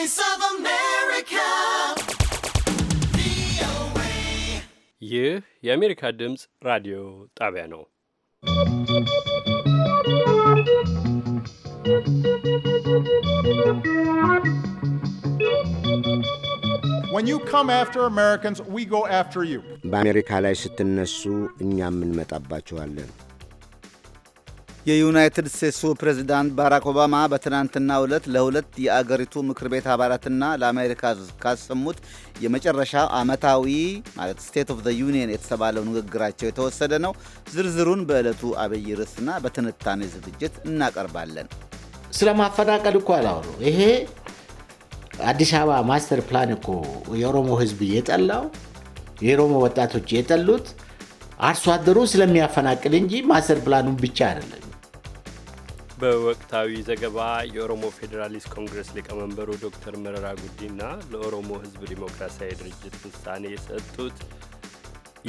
Voice of America. ይህ የአሜሪካ ድምፅ ራዲዮ ጣቢያ ነው። When you come after Americans, we go after you. በአሜሪካ ላይ ስትነሱ እኛም እንመጣባችኋለን። የዩናይትድ ስቴትሱ ፕሬዚዳንት ባራክ ኦባማ በትናንትናው ዕለት ለሁለት የአገሪቱ ምክር ቤት አባላትና ለአሜሪካ ካሰሙት የመጨረሻ ዓመታዊ ማለት ስቴት ኦፍ ዘ ዩኒየን የተሰባለው ንግግራቸው የተወሰደ ነው። ዝርዝሩን በዕለቱ አብይ ርዕስና በትንታኔ ዝግጅት እናቀርባለን። ስለ ማፈናቀል እኮ አላወሩ። ይሄ አዲስ አበባ ማስተር ፕላን እኮ የኦሮሞ ሕዝብ የጠላው የኦሮሞ ወጣቶች የጠሉት አርሶ አደሩ ስለሚያፈናቅል እንጂ ማስተር ፕላኑን ብቻ አይደለም። በወቅታዊ ዘገባ የኦሮሞ ፌዴራሊስት ኮንግረስ ሊቀመንበሩ ዶክተር መረራ ጉዲና ለኦሮሞ ሕዝብ ዲሞክራሲያዊ ድርጅት ውሳኔ የሰጡት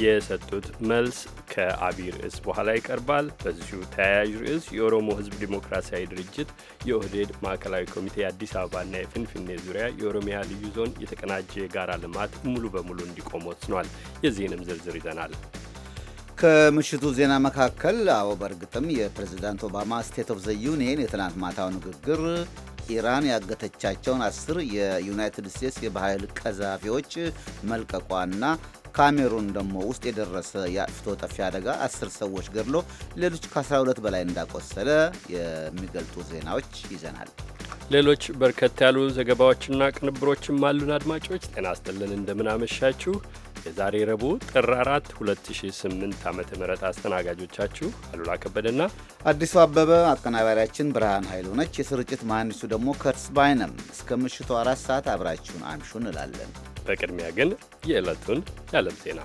የሰጡት መልስ ከአቢይ ርዕስ በኋላ ይቀርባል። በዚሁ ተያያዥ ርዕስ የኦሮሞ ህዝብ ዲሞክራሲያዊ ድርጅት የኦህዴድ ማዕከላዊ ኮሚቴ የአዲስ አበባና የፍንፍኔ ዙሪያ የኦሮሚያ ልዩ ዞን የተቀናጀ የጋራ ልማት ሙሉ በሙሉ እንዲቆም ወስኗል። የዚህንም ዝርዝር ይዘናል። ከምሽቱ ዜና መካከል አዎ፣ በእርግጥም የፕሬዚዳንት ኦባማ ስቴት ኦፍ ዘ ዩኒየን የትናንት ማታው ንግግር ኢራን ያገተቻቸውን አስር የዩናይትድ ስቴትስ የባህል ቀዛፊዎች መልቀቋና ካሜሩን ደግሞ ውስጥ የደረሰ የአጥፍቶ ጠፊ አደጋ አስር ሰዎች ገድሎ ሌሎች ከ12 በላይ እንዳቆሰለ የሚገልጡ ዜናዎች ይዘናል። ሌሎች በርከት ያሉ ዘገባዎችና ቅንብሮችም አሉን። አድማጮች ጤና ይስጥልን፣ እንደምናመሻችሁ የዛሬ ረቡዕ ጥር 4 2008 ዓ ም አስተናጋጆቻችሁ አሉላ ከበደና አዲሱ አበበ፣ አቀናባሪያችን ብርሃን ኃይሉ ነች። የስርጭት መሐንዲሱ ደግሞ ከርስ ባይነም። እስከ ምሽቱ አራት ሰዓት አብራችሁን አምሹ እንላለን። በቅድሚያ ግን የዕለቱን የዓለም ዜና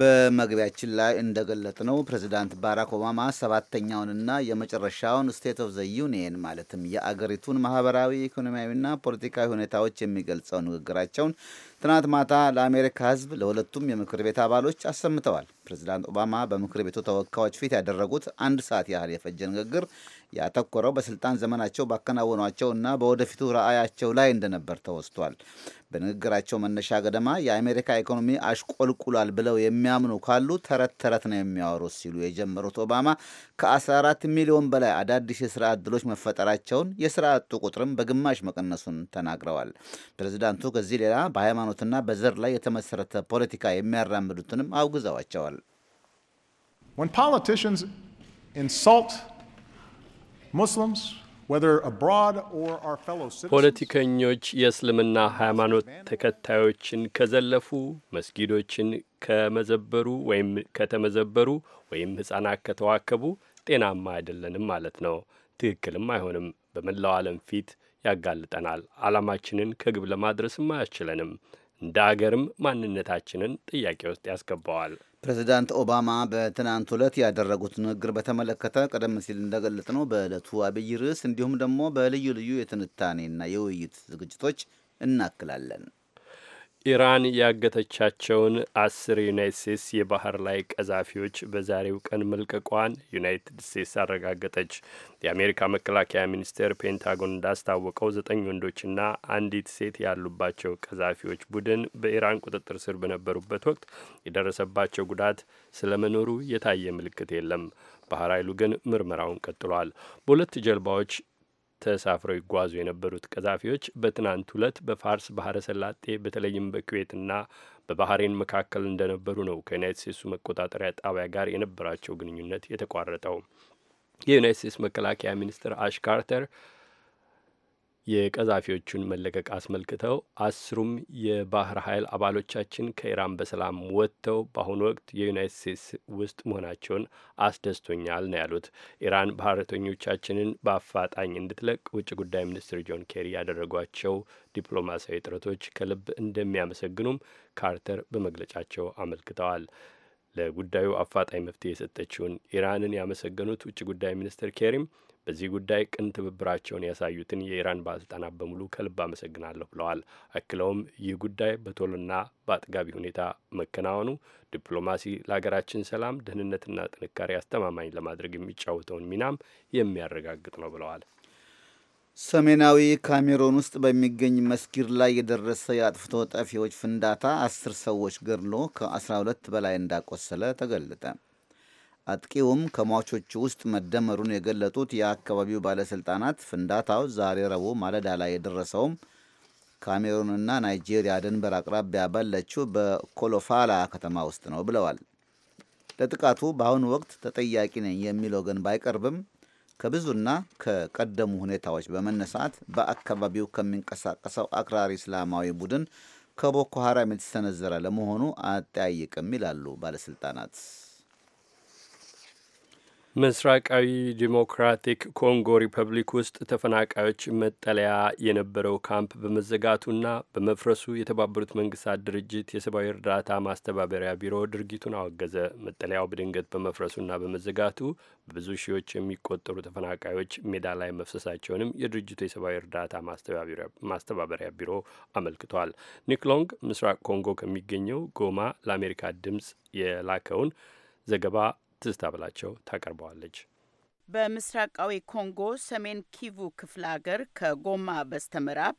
በመግቢያችን ላይ እንደገለጥ ነው ፕሬዚዳንት ባራክ ኦባማ ሰባተኛውንና የመጨረሻውን ስቴት ኦፍ ዘ ዩኒየን ማለትም የአገሪቱን ማህበራዊ ኢኮኖሚያዊና ፖለቲካዊ ሁኔታዎች የሚገልጸው ንግግራቸውን ትናንት ማታ ለአሜሪካ ሕዝብ ለሁለቱም የምክር ቤት አባሎች አሰምተዋል። ፕሬዚዳንት ኦባማ በምክር ቤቱ ተወካዮች ፊት ያደረጉት አንድ ሰዓት ያህል የፈጀ ንግግር ያተኮረው በስልጣን ዘመናቸው ባከናወኗቸው እና በወደፊቱ ራዕያቸው ላይ እንደነበር ተወስቷል። በንግግራቸው መነሻ ገደማ የአሜሪካ ኢኮኖሚ አሽቆልቁሏል ብለው የሚያምኑ ካሉ ተረት ተረት ነው የሚያወሩት ሲሉ የጀመሩት ኦባማ ከ14 ሚሊዮን በላይ አዳዲስ የስራ ዕድሎች መፈጠራቸውን የስራ አጡ ቁጥርም በግማሽ መቀነሱን ተናግረዋል። ፕሬዚዳንቱ ከዚህ ሌላ በሃይማኖትና በዘር ላይ የተመሰረተ ፖለቲካ የሚያራምዱትንም አውግዘዋቸዋል። ሙስሊምስ ፖለቲከኞች የእስልምና ሃይማኖት ተከታዮችን ከዘለፉ መስጊዶችን ከመዘበሩ ወይም ከተመዘበሩ ወይም ሕፃናት ከተዋከቡ ጤናማ አይደለንም ማለት ነው። ትክክልም አይሆንም። በመላው ዓለም ፊት ያጋልጠናል። ዓላማችንን ከግብ ለማድረስም አያስችለንም። እንደ አገርም ማንነታችንን ጥያቄ ውስጥ ያስገባዋል። ፕሬዚዳንት ኦባማ በትናንት ዕለት ያደረጉት ንግግር በተመለከተ ቀደም ሲል እንደገለጥ ነው በዕለቱ አብይ ርዕስ እንዲሁም ደግሞ በልዩ ልዩ የትንታኔና የውይይት ዝግጅቶች እናክላለን። ኢራን ያገተቻቸውን አስር ዩናይት ስቴትስ የባህር ላይ ቀዛፊዎች በዛሬው ቀን መልቀቋን ዩናይትድ ስቴትስ አረጋገጠች። የአሜሪካ መከላከያ ሚኒስቴር ፔንታጎን እንዳስታወቀው ዘጠኝ ወንዶችና አንዲት ሴት ያሉባቸው ቀዛፊዎች ቡድን በኢራን ቁጥጥር ስር በነበሩበት ወቅት የደረሰባቸው ጉዳት ስለመኖሩ የታየ ምልክት የለም። ባህር ኃይሉ ግን ምርመራውን ቀጥሏል። በሁለት ጀልባዎች ተሳፍረው ይጓዙ የነበሩት ቀዛፊዎች በትናንት ሁለት በፋርስ ባህረ ሰላጤ በተለይም በኩዌትና በባህሬን መካከል እንደነበሩ ነው ከዩናይት ስቴትሱ መቆጣጠሪያ ጣቢያ ጋር የነበራቸው ግንኙነት የተቋረጠው። የዩናይት ስቴትስ መከላከያ ሚኒስትር አሽ ካርተር የቀዛፊዎቹን መለቀቅ አስመልክተው አስሩም የባህር ኃይል አባሎቻችን ከኢራን በሰላም ወጥተው በአሁኑ ወቅት የዩናይት ስቴትስ ውስጥ መሆናቸውን አስደስቶኛል ነው ያሉት። ኢራን ባህረተኞቻችንን በአፋጣኝ እንድትለቅ ውጭ ጉዳይ ሚኒስትር ጆን ኬሪ ያደረጓቸው ዲፕሎማሲያዊ ጥረቶች ከልብ እንደሚያመሰግኑም ካርተር በመግለጫቸው አመልክተዋል። ለጉዳዩ አፋጣኝ መፍትሄ የሰጠችውን ኢራንን ያመሰገኑት ውጭ ጉዳይ ሚኒስትር ኬሪም በዚህ ጉዳይ ቅን ትብብራቸውን ያሳዩትን የኢራን ባለስልጣናት በሙሉ ከልብ አመሰግናለሁ ብለዋል። አክለውም ይህ ጉዳይ በቶሎና በአጥጋቢ ሁኔታ መከናወኑ ዲፕሎማሲ ለሀገራችን ሰላም፣ ደህንነትና ጥንካሬ አስተማማኝ ለማድረግ የሚጫወተውን ሚናም የሚያረጋግጥ ነው ብለዋል። ሰሜናዊ ካሜሮን ውስጥ በሚገኝ መስጊድ ላይ የደረሰ የአጥፍቶ ጠፊዎች ፍንዳታ አስር ሰዎች ገድሎ ከ12 በላይ እንዳቆሰለ ተገለጠ። አጥቂውም ከሟቾቹ ውስጥ መደመሩን የገለጡት የአካባቢው ባለሥልጣናት ፍንዳታው ዛሬ ረቡዕ ማለዳ ላይ የደረሰውም ካሜሩንና ናይጄሪያ ድንበር አቅራቢያ ባለችው በኮሎፋላ ከተማ ውስጥ ነው ብለዋል። ለጥቃቱ በአሁኑ ወቅት ተጠያቂ ነኝ የሚል ወገን ባይቀርብም ከብዙና ከቀደሙ ሁኔታዎች በመነሳት በአካባቢው ከሚንቀሳቀሰው አክራሪ እስላማዊ ቡድን ከቦኮ የተሰነዘረ ለመሆኑ አጠያይቅም ይላሉ ባለሥልጣናት። ምስራቃዊ ዲሞክራቲክ ኮንጎ ሪፐብሊክ ውስጥ ተፈናቃዮች መጠለያ የነበረው ካምፕ በመዘጋቱና በመፍረሱ የተባበሩት መንግስታት ድርጅት የሰብአዊ እርዳታ ማስተባበሪያ ቢሮ ድርጊቱን አወገዘ። መጠለያው በድንገት በመፍረሱና በመዘጋቱ ብዙ ሺዎች የሚቆጠሩ ተፈናቃዮች ሜዳ ላይ መፍሰሳቸውንም የድርጅቱ የሰብአዊ እርዳታ ማስተባበሪያ ቢሮ አመልክቷል። ኒክሎንግ ምስራቅ ኮንጎ ከሚገኘው ጎማ ለአሜሪካ ድምጽ የላከውን ዘገባ ትዝታ ብላቸው ታቀርበዋለች። በምስራቃዊ ኮንጎ ሰሜን ኪቩ ክፍለ አገር ከጎማ በስተምዕራብ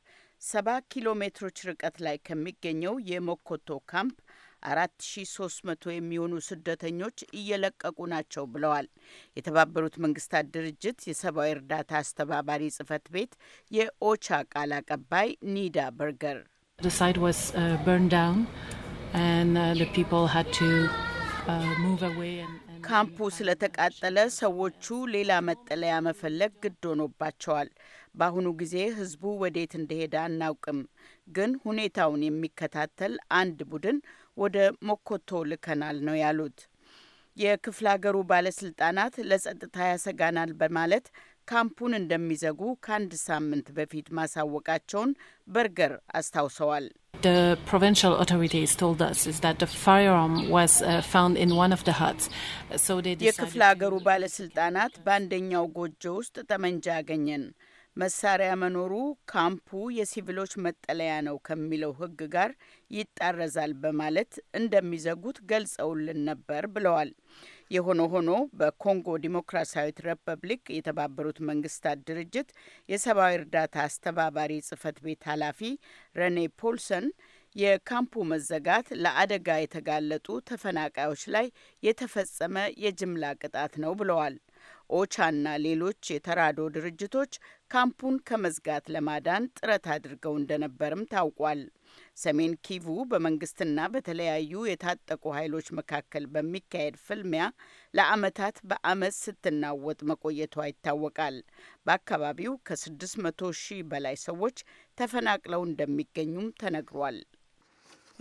ሰባ ኪሎ ሜትሮች ርቀት ላይ ከሚገኘው የሞኮቶ ካምፕ መቶ የሚሆኑ ስደተኞች እየለቀቁ ናቸው ብለዋል የተባበሩት መንግስታት ድርጅት የሰብአዊ እርዳታ አስተባባሪ ጽህፈት ቤት የኦቻ ቃል አቀባይ ኒዳ በርገር ካምፑ ስለተቃጠለ ሰዎቹ ሌላ መጠለያ መፈለግ ግድ ሆኖባቸዋል። በአሁኑ ጊዜ ህዝቡ ወዴት እንደሄደ አናውቅም፣ ግን ሁኔታውን የሚከታተል አንድ ቡድን ወደ ሞኮቶ ልከናል ነው ያሉት። የክፍለ ሀገሩ ባለስልጣናት ለጸጥታ ያሰጋናል በማለት ካምፑን እንደሚዘጉ ከአንድ ሳምንት በፊት ማሳወቃቸውን በርገር አስታውሰዋል። የክፍለ ሀገሩ ባለስልጣናት በአንደኛው ጎጆ ውስጥ ጠመንጃ አገኘን። መሳሪያ መኖሩ ካምፑ የሲቪሎች መጠለያ ነው ከሚለው ሕግ ጋር ይጣረዛል በማለት እንደሚዘጉት ገልጸውልን ነበር ብለዋል። የሆነ ሆኖ በኮንጎ ዲሞክራሲያዊት ሪፐብሊክ የተባበሩት መንግስታት ድርጅት የሰብአዊ እርዳታ አስተባባሪ ጽህፈት ቤት ኃላፊ ረኔ ፖልሰን የካምፑ መዘጋት ለአደጋ የተጋለጡ ተፈናቃዮች ላይ የተፈጸመ የጅምላ ቅጣት ነው ብለዋል። ኦቻና ሌሎች የተራዶ ድርጅቶች ካምፑን ከመዝጋት ለማዳን ጥረት አድርገው እንደነበርም ታውቋል። ሰሜን ኪቩ በመንግስትና በተለያዩ የታጠቁ ኃይሎች መካከል በሚካሄድ ፍልሚያ ለአመታት በአመት ስትናወጥ መቆየቷ ይታወቃል። በአካባቢው ከ600 ሺህ በላይ ሰዎች ተፈናቅለው እንደሚገኙም ተነግሯል።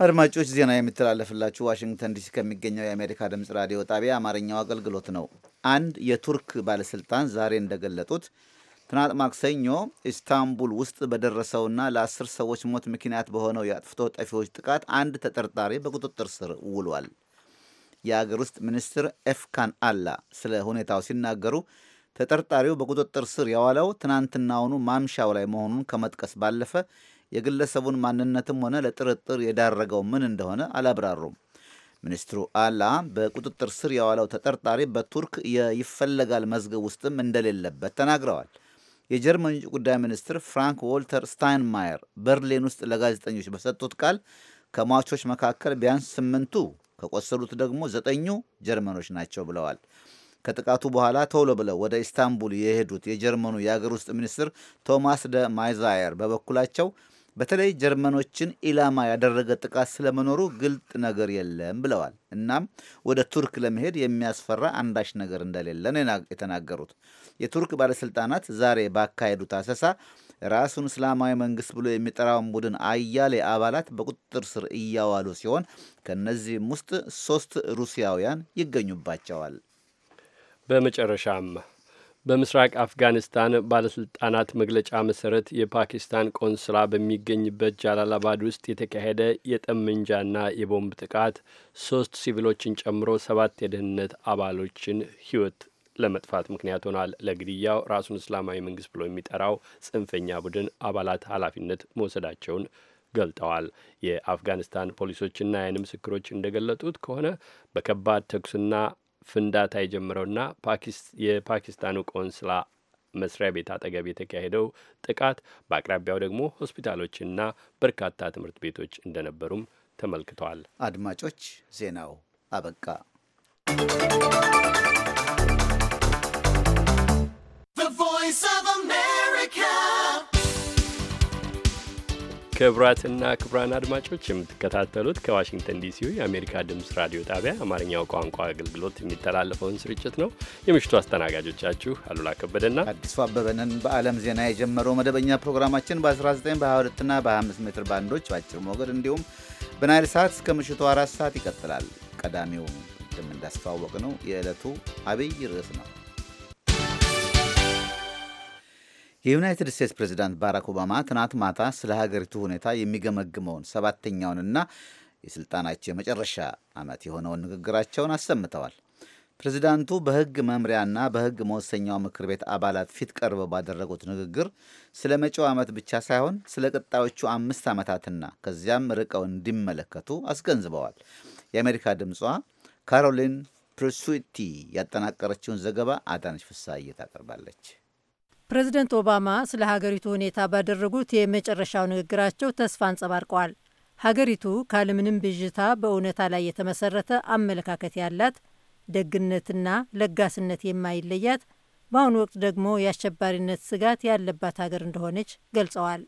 አድማጮች ዜና የሚተላለፍላችሁ ዋሽንግተን ዲሲ ከሚገኘው የአሜሪካ ድምፅ ራዲዮ ጣቢያ አማርኛው አገልግሎት ነው። አንድ የቱርክ ባለስልጣን ዛሬ እንደገለጡት ትናንት ማክሰኞ ኢስታንቡል ውስጥ በደረሰውና ለአስር ሰዎች ሞት ምክንያት በሆነው የአጥፍቶ ጠፊዎች ጥቃት አንድ ተጠርጣሪ በቁጥጥር ስር ውሏል። የአገር ውስጥ ሚኒስትር ኤፍካን አላ ስለ ሁኔታው ሲናገሩ ተጠርጣሪው በቁጥጥር ስር የዋለው ትናንትናውኑ ማምሻው ላይ መሆኑን ከመጥቀስ ባለፈ የግለሰቡን ማንነትም ሆነ ለጥርጥር የዳረገው ምን እንደሆነ አላብራሩም። ሚኒስትሩ አላ በቁጥጥር ስር የዋለው ተጠርጣሪ በቱርክ የይፈለጋል መዝገብ ውስጥም እንደሌለበት ተናግረዋል። የጀርመን ውጭ ጉዳይ ሚኒስትር ፍራንክ ዎልተር ስታይንማየር በርሊን ውስጥ ለጋዜጠኞች በሰጡት ቃል ከሟቾች መካከል ቢያንስ ስምንቱ ከቆሰሉት ደግሞ ዘጠኙ ጀርመኖች ናቸው ብለዋል። ከጥቃቱ በኋላ ቶሎ ብለው ወደ ኢስታንቡል የሄዱት የጀርመኑ የአገር ውስጥ ሚኒስትር ቶማስ ደ ማይዛየር በበኩላቸው በተለይ ጀርመኖችን ኢላማ ያደረገ ጥቃት ስለመኖሩ ግልጥ ነገር የለም ብለዋል። እናም ወደ ቱርክ ለመሄድ የሚያስፈራ አንዳች ነገር እንደሌለ ነው የተናገሩት። የቱርክ ባለስልጣናት ዛሬ ባካሄዱት አሰሳ ራሱን እስላማዊ መንግስት ብሎ የሚጠራውን ቡድን አያሌ አባላት በቁጥጥር ስር እያዋሉ ሲሆን ከእነዚህም ውስጥ ሶስት ሩሲያውያን ይገኙባቸዋል። በመጨረሻም በምስራቅ አፍጋኒስታን ባለስልጣናት መግለጫ መሰረት የፓኪስታን ቆንስላ በሚገኝበት ጃላላባድ ውስጥ የተካሄደ የጠመንጃና የቦምብ ጥቃት ሶስት ሲቪሎችን ጨምሮ ሰባት የደህንነት አባሎችን ሕይወት ለመጥፋት ምክንያት ሆኗል። ለግድያው ራሱን እስላማዊ መንግስት ብሎ የሚጠራው ጽንፈኛ ቡድን አባላት ኃላፊነት መውሰዳቸውን ገልጠዋል። የአፍጋኒስታን ፖሊሶችና የአይን ምስክሮች እንደገለጡት ከሆነ በከባድ ተኩስና ፍንዳታ የጀመረውና የፓኪስታኑ ቆንስላ መስሪያ ቤት አጠገብ የተካሄደው ጥቃት በአቅራቢያው ደግሞ ሆስፒታሎችና በርካታ ትምህርት ቤቶች እንደነበሩም ተመልክተዋል። አድማጮች፣ ዜናው አበቃ። The ክቡራትና ክቡራን አድማጮች የምትከታተሉት ከዋሽንግተን ዲሲ የአሜሪካ ድምፅ ራዲዮ ጣቢያ አማርኛው ቋንቋ አገልግሎት የሚተላለፈውን ስርጭት ነው። የምሽቱ አስተናጋጆቻችሁ አሉላ ከበደና አዲሱ አበበንን በዓለም ዜና የጀመረው መደበኛ ፕሮግራማችን በ19 በ22ና በ25 ሜትር ባንዶች በአጭር ሞገድ እንዲሁም በናይል ሰዓት እስከ ምሽቱ አራት ሰዓት ይቀጥላል። ቀዳሚው ቅድም እንዳስተዋወቅ ነው የዕለቱ አብይ ርዕስ ነው። የዩናይትድ ስቴትስ ፕሬዚዳንት ባራክ ኦባማ ትናንት ማታ ስለ ሀገሪቱ ሁኔታ የሚገመግመውን ሰባተኛውንና የስልጣናቸው የመጨረሻ ዓመት የሆነውን ንግግራቸውን አሰምተዋል። ፕሬዚዳንቱ በሕግ መምሪያና በሕግ መወሰኛው ምክር ቤት አባላት ፊት ቀርበው ባደረጉት ንግግር ስለ መጪው ዓመት ብቻ ሳይሆን ስለ ቀጣዮቹ አምስት ዓመታትና ከዚያም ርቀው እንዲመለከቱ አስገንዝበዋል። የአሜሪካ ድምጿ ካሮሊን ፕርሱቲ ያጠናቀረችውን ዘገባ አዳነች ፍሳዬ ታቀርባለች። ፕሬዚደንት ኦባማ ስለ ሀገሪቱ ሁኔታ ባደረጉት የመጨረሻው ንግግራቸው ተስፋ አንጸባርቀዋል። ሀገሪቱ ካለምንም ብዥታ በእውነታ ላይ የተመሰረተ አመለካከት ያላት፣ ደግነትና ለጋስነት የማይለያት፣ በአሁኑ ወቅት ደግሞ የአሸባሪነት ስጋት ያለባት ሀገር እንደሆነች ገልጸዋል።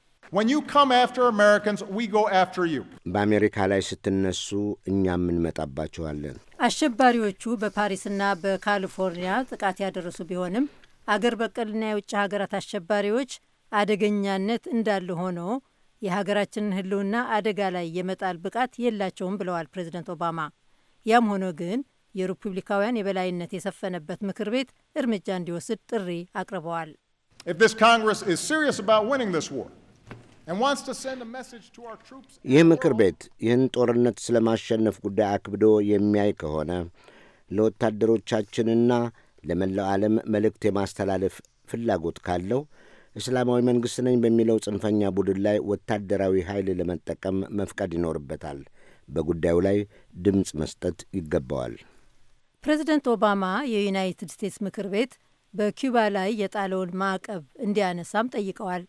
በአሜሪካ ላይ ስትነሱ እኛም እንመጣባችኋለን። አሸባሪዎቹ በፓሪስና በካሊፎርኒያ ጥቃት ያደረሱ ቢሆንም አገር በቀልና የውጭ ሀገራት አሸባሪዎች አደገኛነት እንዳለ ሆኖ የሀገራችንን ሕልውና አደጋ ላይ የመጣል ብቃት የላቸውም ብለዋል ፕሬዝደንት ኦባማ። ያም ሆኖ ግን የሪፑብሊካውያን የበላይነት የሰፈነበት ምክር ቤት እርምጃ እንዲወስድ ጥሪ አቅርበዋል። ይህ ምክር ቤት ይህን ጦርነት ስለማሸነፍ ጉዳይ አክብዶ የሚያይ ከሆነ ለወታደሮቻችንና ለመላው ዓለም መልእክት የማስተላለፍ ፍላጎት ካለው እስላማዊ መንግሥት ነኝ በሚለው ጽንፈኛ ቡድን ላይ ወታደራዊ ኃይል ለመጠቀም መፍቀድ ይኖርበታል። በጉዳዩ ላይ ድምፅ መስጠት ይገባዋል። ፕሬዚደንት ኦባማ የዩናይትድ ስቴትስ ምክር ቤት በኪዩባ ላይ የጣለውን ማዕቀብ እንዲያነሳም ጠይቀዋል።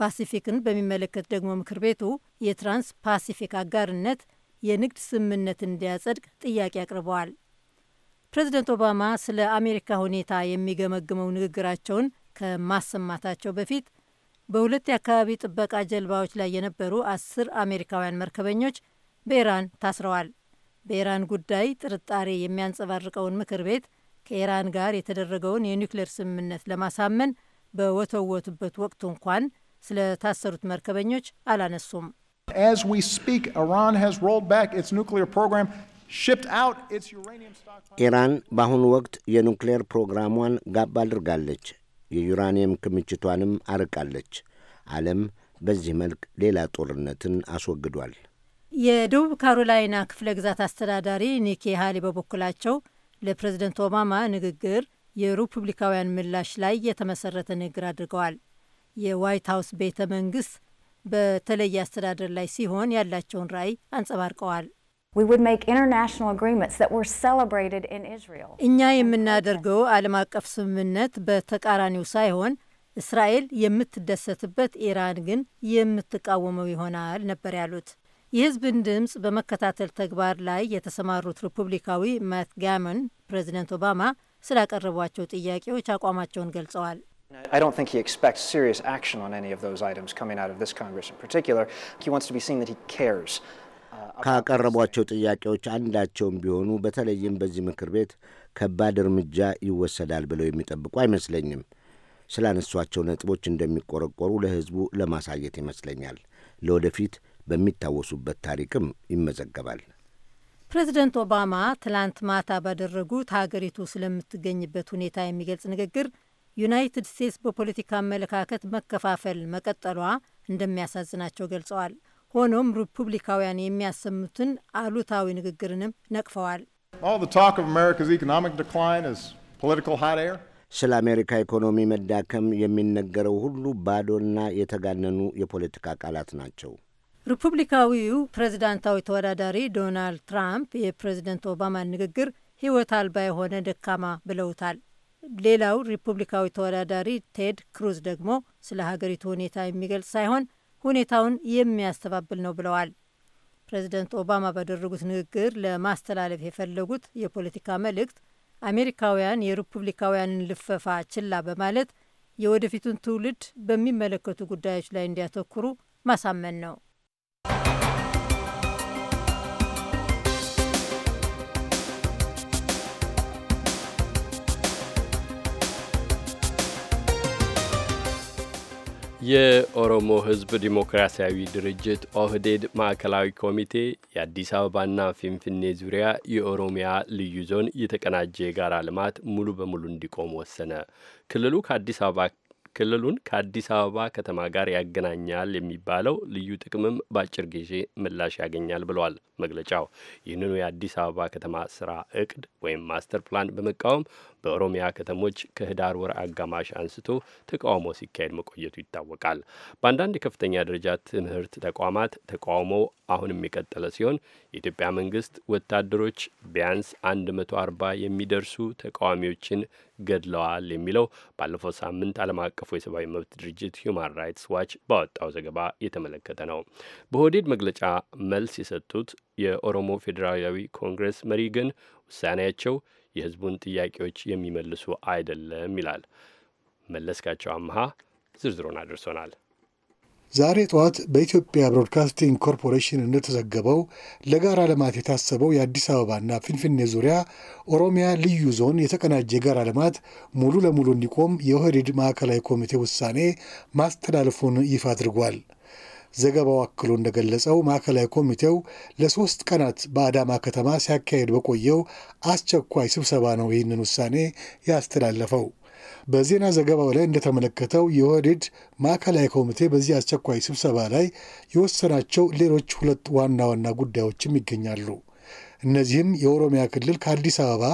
ፓሲፊክን በሚመለከት ደግሞ ምክር ቤቱ የትራንስ ፓሲፊክ አጋርነት የንግድ ስምምነት እንዲያጸድቅ ጥያቄ አቅርበዋል። ፕሬዚደንት ኦባማ ስለ አሜሪካ ሁኔታ የሚገመግመው ንግግራቸውን ከማሰማታቸው በፊት በሁለት የአካባቢ ጥበቃ ጀልባዎች ላይ የነበሩ አስር አሜሪካውያን መርከበኞች በኢራን ታስረዋል። በኢራን ጉዳይ ጥርጣሬ የሚያንጸባርቀውን ምክር ቤት ከኢራን ጋር የተደረገውን የኒውክሌር ስምምነት ለማሳመን በወተወቱበት ወቅት እንኳን ስለታሰሩት መርከበኞች አላነሱም። ኢራን በአሁኑ ወቅት የኑክሌር ፕሮግራሟን ጋብ አድርጋለች፣ የዩራኒየም ክምችቷንም አርቃለች። ዓለም በዚህ መልክ ሌላ ጦርነትን አስወግዷል። የደቡብ ካሮላይና ክፍለ ግዛት አስተዳዳሪ ኒኪ ሃሊ በበኩላቸው ለፕሬዝደንት ኦባማ ንግግር የሪፑብሊካውያን ምላሽ ላይ የተመሰረተ ንግግር አድርገዋል። የዋይት ሀውስ ቤተ መንግስት በተለየ አስተዳደር ላይ ሲሆን ያላቸውን ራዕይ አንጸባርቀዋል። እኛ የምናደርገው ዓለም አቀፍ ስምምነት በተቃራኒው ሳይሆን እስራኤል የምትደሰትበት ኢራን ግን የምትቃወመው ይሆናል ነበር ያሉት። የህዝብን ድምፅ በመከታተል ተግባር ላይ የተሰማሩት ሪፑብሊካዊ ማት ጋመን ፕሬዚደንት ኦባማ ስላቀረቧቸው ጥያቄዎች አቋማቸውን ገልጸዋል። ካቀረቧቸው ጥያቄዎች አንዳቸውም ቢሆኑ በተለይም በዚህ ምክር ቤት ከባድ እርምጃ ይወሰዳል ብለው የሚጠብቁ አይመስለኝም። ስላነሷቸው ነጥቦች እንደሚቆረቆሩ ለሕዝቡ ለማሳየት ይመስለኛል። ለወደፊት በሚታወሱበት ታሪክም ይመዘገባል። ፕሬዚደንት ኦባማ ትላንት ማታ ባደረጉት ሀገሪቱ ስለምትገኝበት ሁኔታ የሚገልጽ ንግግር ዩናይትድ ስቴትስ በፖለቲካ አመለካከት መከፋፈል መቀጠሏ እንደሚያሳዝናቸው ገልጸዋል። ሆኖም ሪፑብሊካውያን የሚያሰሙትን አሉታዊ ንግግርንም ነቅፈዋል። ስለ አሜሪካ ኢኮኖሚ መዳከም የሚነገረው ሁሉ ባዶና የተጋነኑ የፖለቲካ ቃላት ናቸው። ሪፑብሊካዊው ፕሬዚዳንታዊ ተወዳዳሪ ዶናልድ ትራምፕ የፕሬዝደንት ኦባማን ንግግር ሕይወት አልባ የሆነ ደካማ ብለውታል። ሌላው ሪፑብሊካዊ ተወዳዳሪ ቴድ ክሩዝ ደግሞ ስለ ሀገሪቱ ሁኔታ የሚገልጽ ሳይሆን ሁኔታውን የሚያስተባብል ነው ብለዋል። ፕሬዚደንት ኦባማ ባደረጉት ንግግር ለማስተላለፍ የፈለጉት የፖለቲካ መልእክት አሜሪካውያን የሪፑብሊካውያንን ልፈፋ ችላ በማለት የወደፊቱን ትውልድ በሚመለከቱ ጉዳዮች ላይ እንዲያተኩሩ ማሳመን ነው። የኦሮሞ ሕዝብ ዲሞክራሲያዊ ድርጅት ኦህዴድ ማዕከላዊ ኮሚቴ የአዲስ አበባና ፊንፊኔ ዙሪያ የኦሮሚያ ልዩ ዞን የተቀናጀ የጋራ ልማት ሙሉ በሙሉ እንዲቆም ወሰነ። ክልሉ ከአዲስ አበባ ክልሉን ከአዲስ አበባ ከተማ ጋር ያገናኛል የሚባለው ልዩ ጥቅምም በአጭር ጊዜ ምላሽ ያገኛል ብሏል መግለጫው። ይህንኑ የአዲስ አበባ ከተማ ስራ እቅድ ወይም ማስተር ፕላን በመቃወም በኦሮሚያ ከተሞች ከህዳር ወር አጋማሽ አንስቶ ተቃውሞ ሲካሄድ መቆየቱ ይታወቃል። በአንዳንድ የከፍተኛ ደረጃ ትምህርት ተቋማት ተቃውሞ አሁንም የቀጠለ ሲሆን የኢትዮጵያ መንግስት ወታደሮች ቢያንስ 140 የሚደርሱ ተቃዋሚዎችን ገድለዋል የሚለው ባለፈው ሳምንት ዓለም አቀፉ የሰብአዊ መብት ድርጅት ሁማን ራይትስ ዋች ባወጣው ዘገባ የተመለከተ ነው። በሆዴድ መግለጫ መልስ የሰጡት የኦሮሞ ፌዴራላዊ ኮንግረስ መሪ ግን ውሳኔያቸው የህዝቡን ጥያቄዎች የሚመልሱ አይደለም ይላል። መለስካቸው አምሃ ዝርዝሩን አድርሶናል። ዛሬ ጠዋት በኢትዮጵያ ብሮድካስቲንግ ኮርፖሬሽን እንደተዘገበው ለጋራ ልማት የታሰበው የአዲስ አበባና ፊንፊኔ ዙሪያ ኦሮሚያ ልዩ ዞን የተቀናጀ የጋራ ልማት ሙሉ ለሙሉ እንዲቆም የኦህዴድ ማዕከላዊ ኮሚቴ ውሳኔ ማስተላለፉን ይፋ አድርጓል። ዘገባው አክሎ እንደገለጸው ማዕከላዊ ኮሚቴው ለሶስት ቀናት በአዳማ ከተማ ሲያካሄድ በቆየው አስቸኳይ ስብሰባ ነው ይህንን ውሳኔ ያስተላለፈው። በዜና ዘገባው ላይ እንደተመለከተው የኦህዴድ ማዕከላዊ ኮሚቴ በዚህ አስቸኳይ ስብሰባ ላይ የወሰናቸው ሌሎች ሁለት ዋና ዋና ጉዳዮችም ይገኛሉ። እነዚህም የኦሮሚያ ክልል ከአዲስ አበባ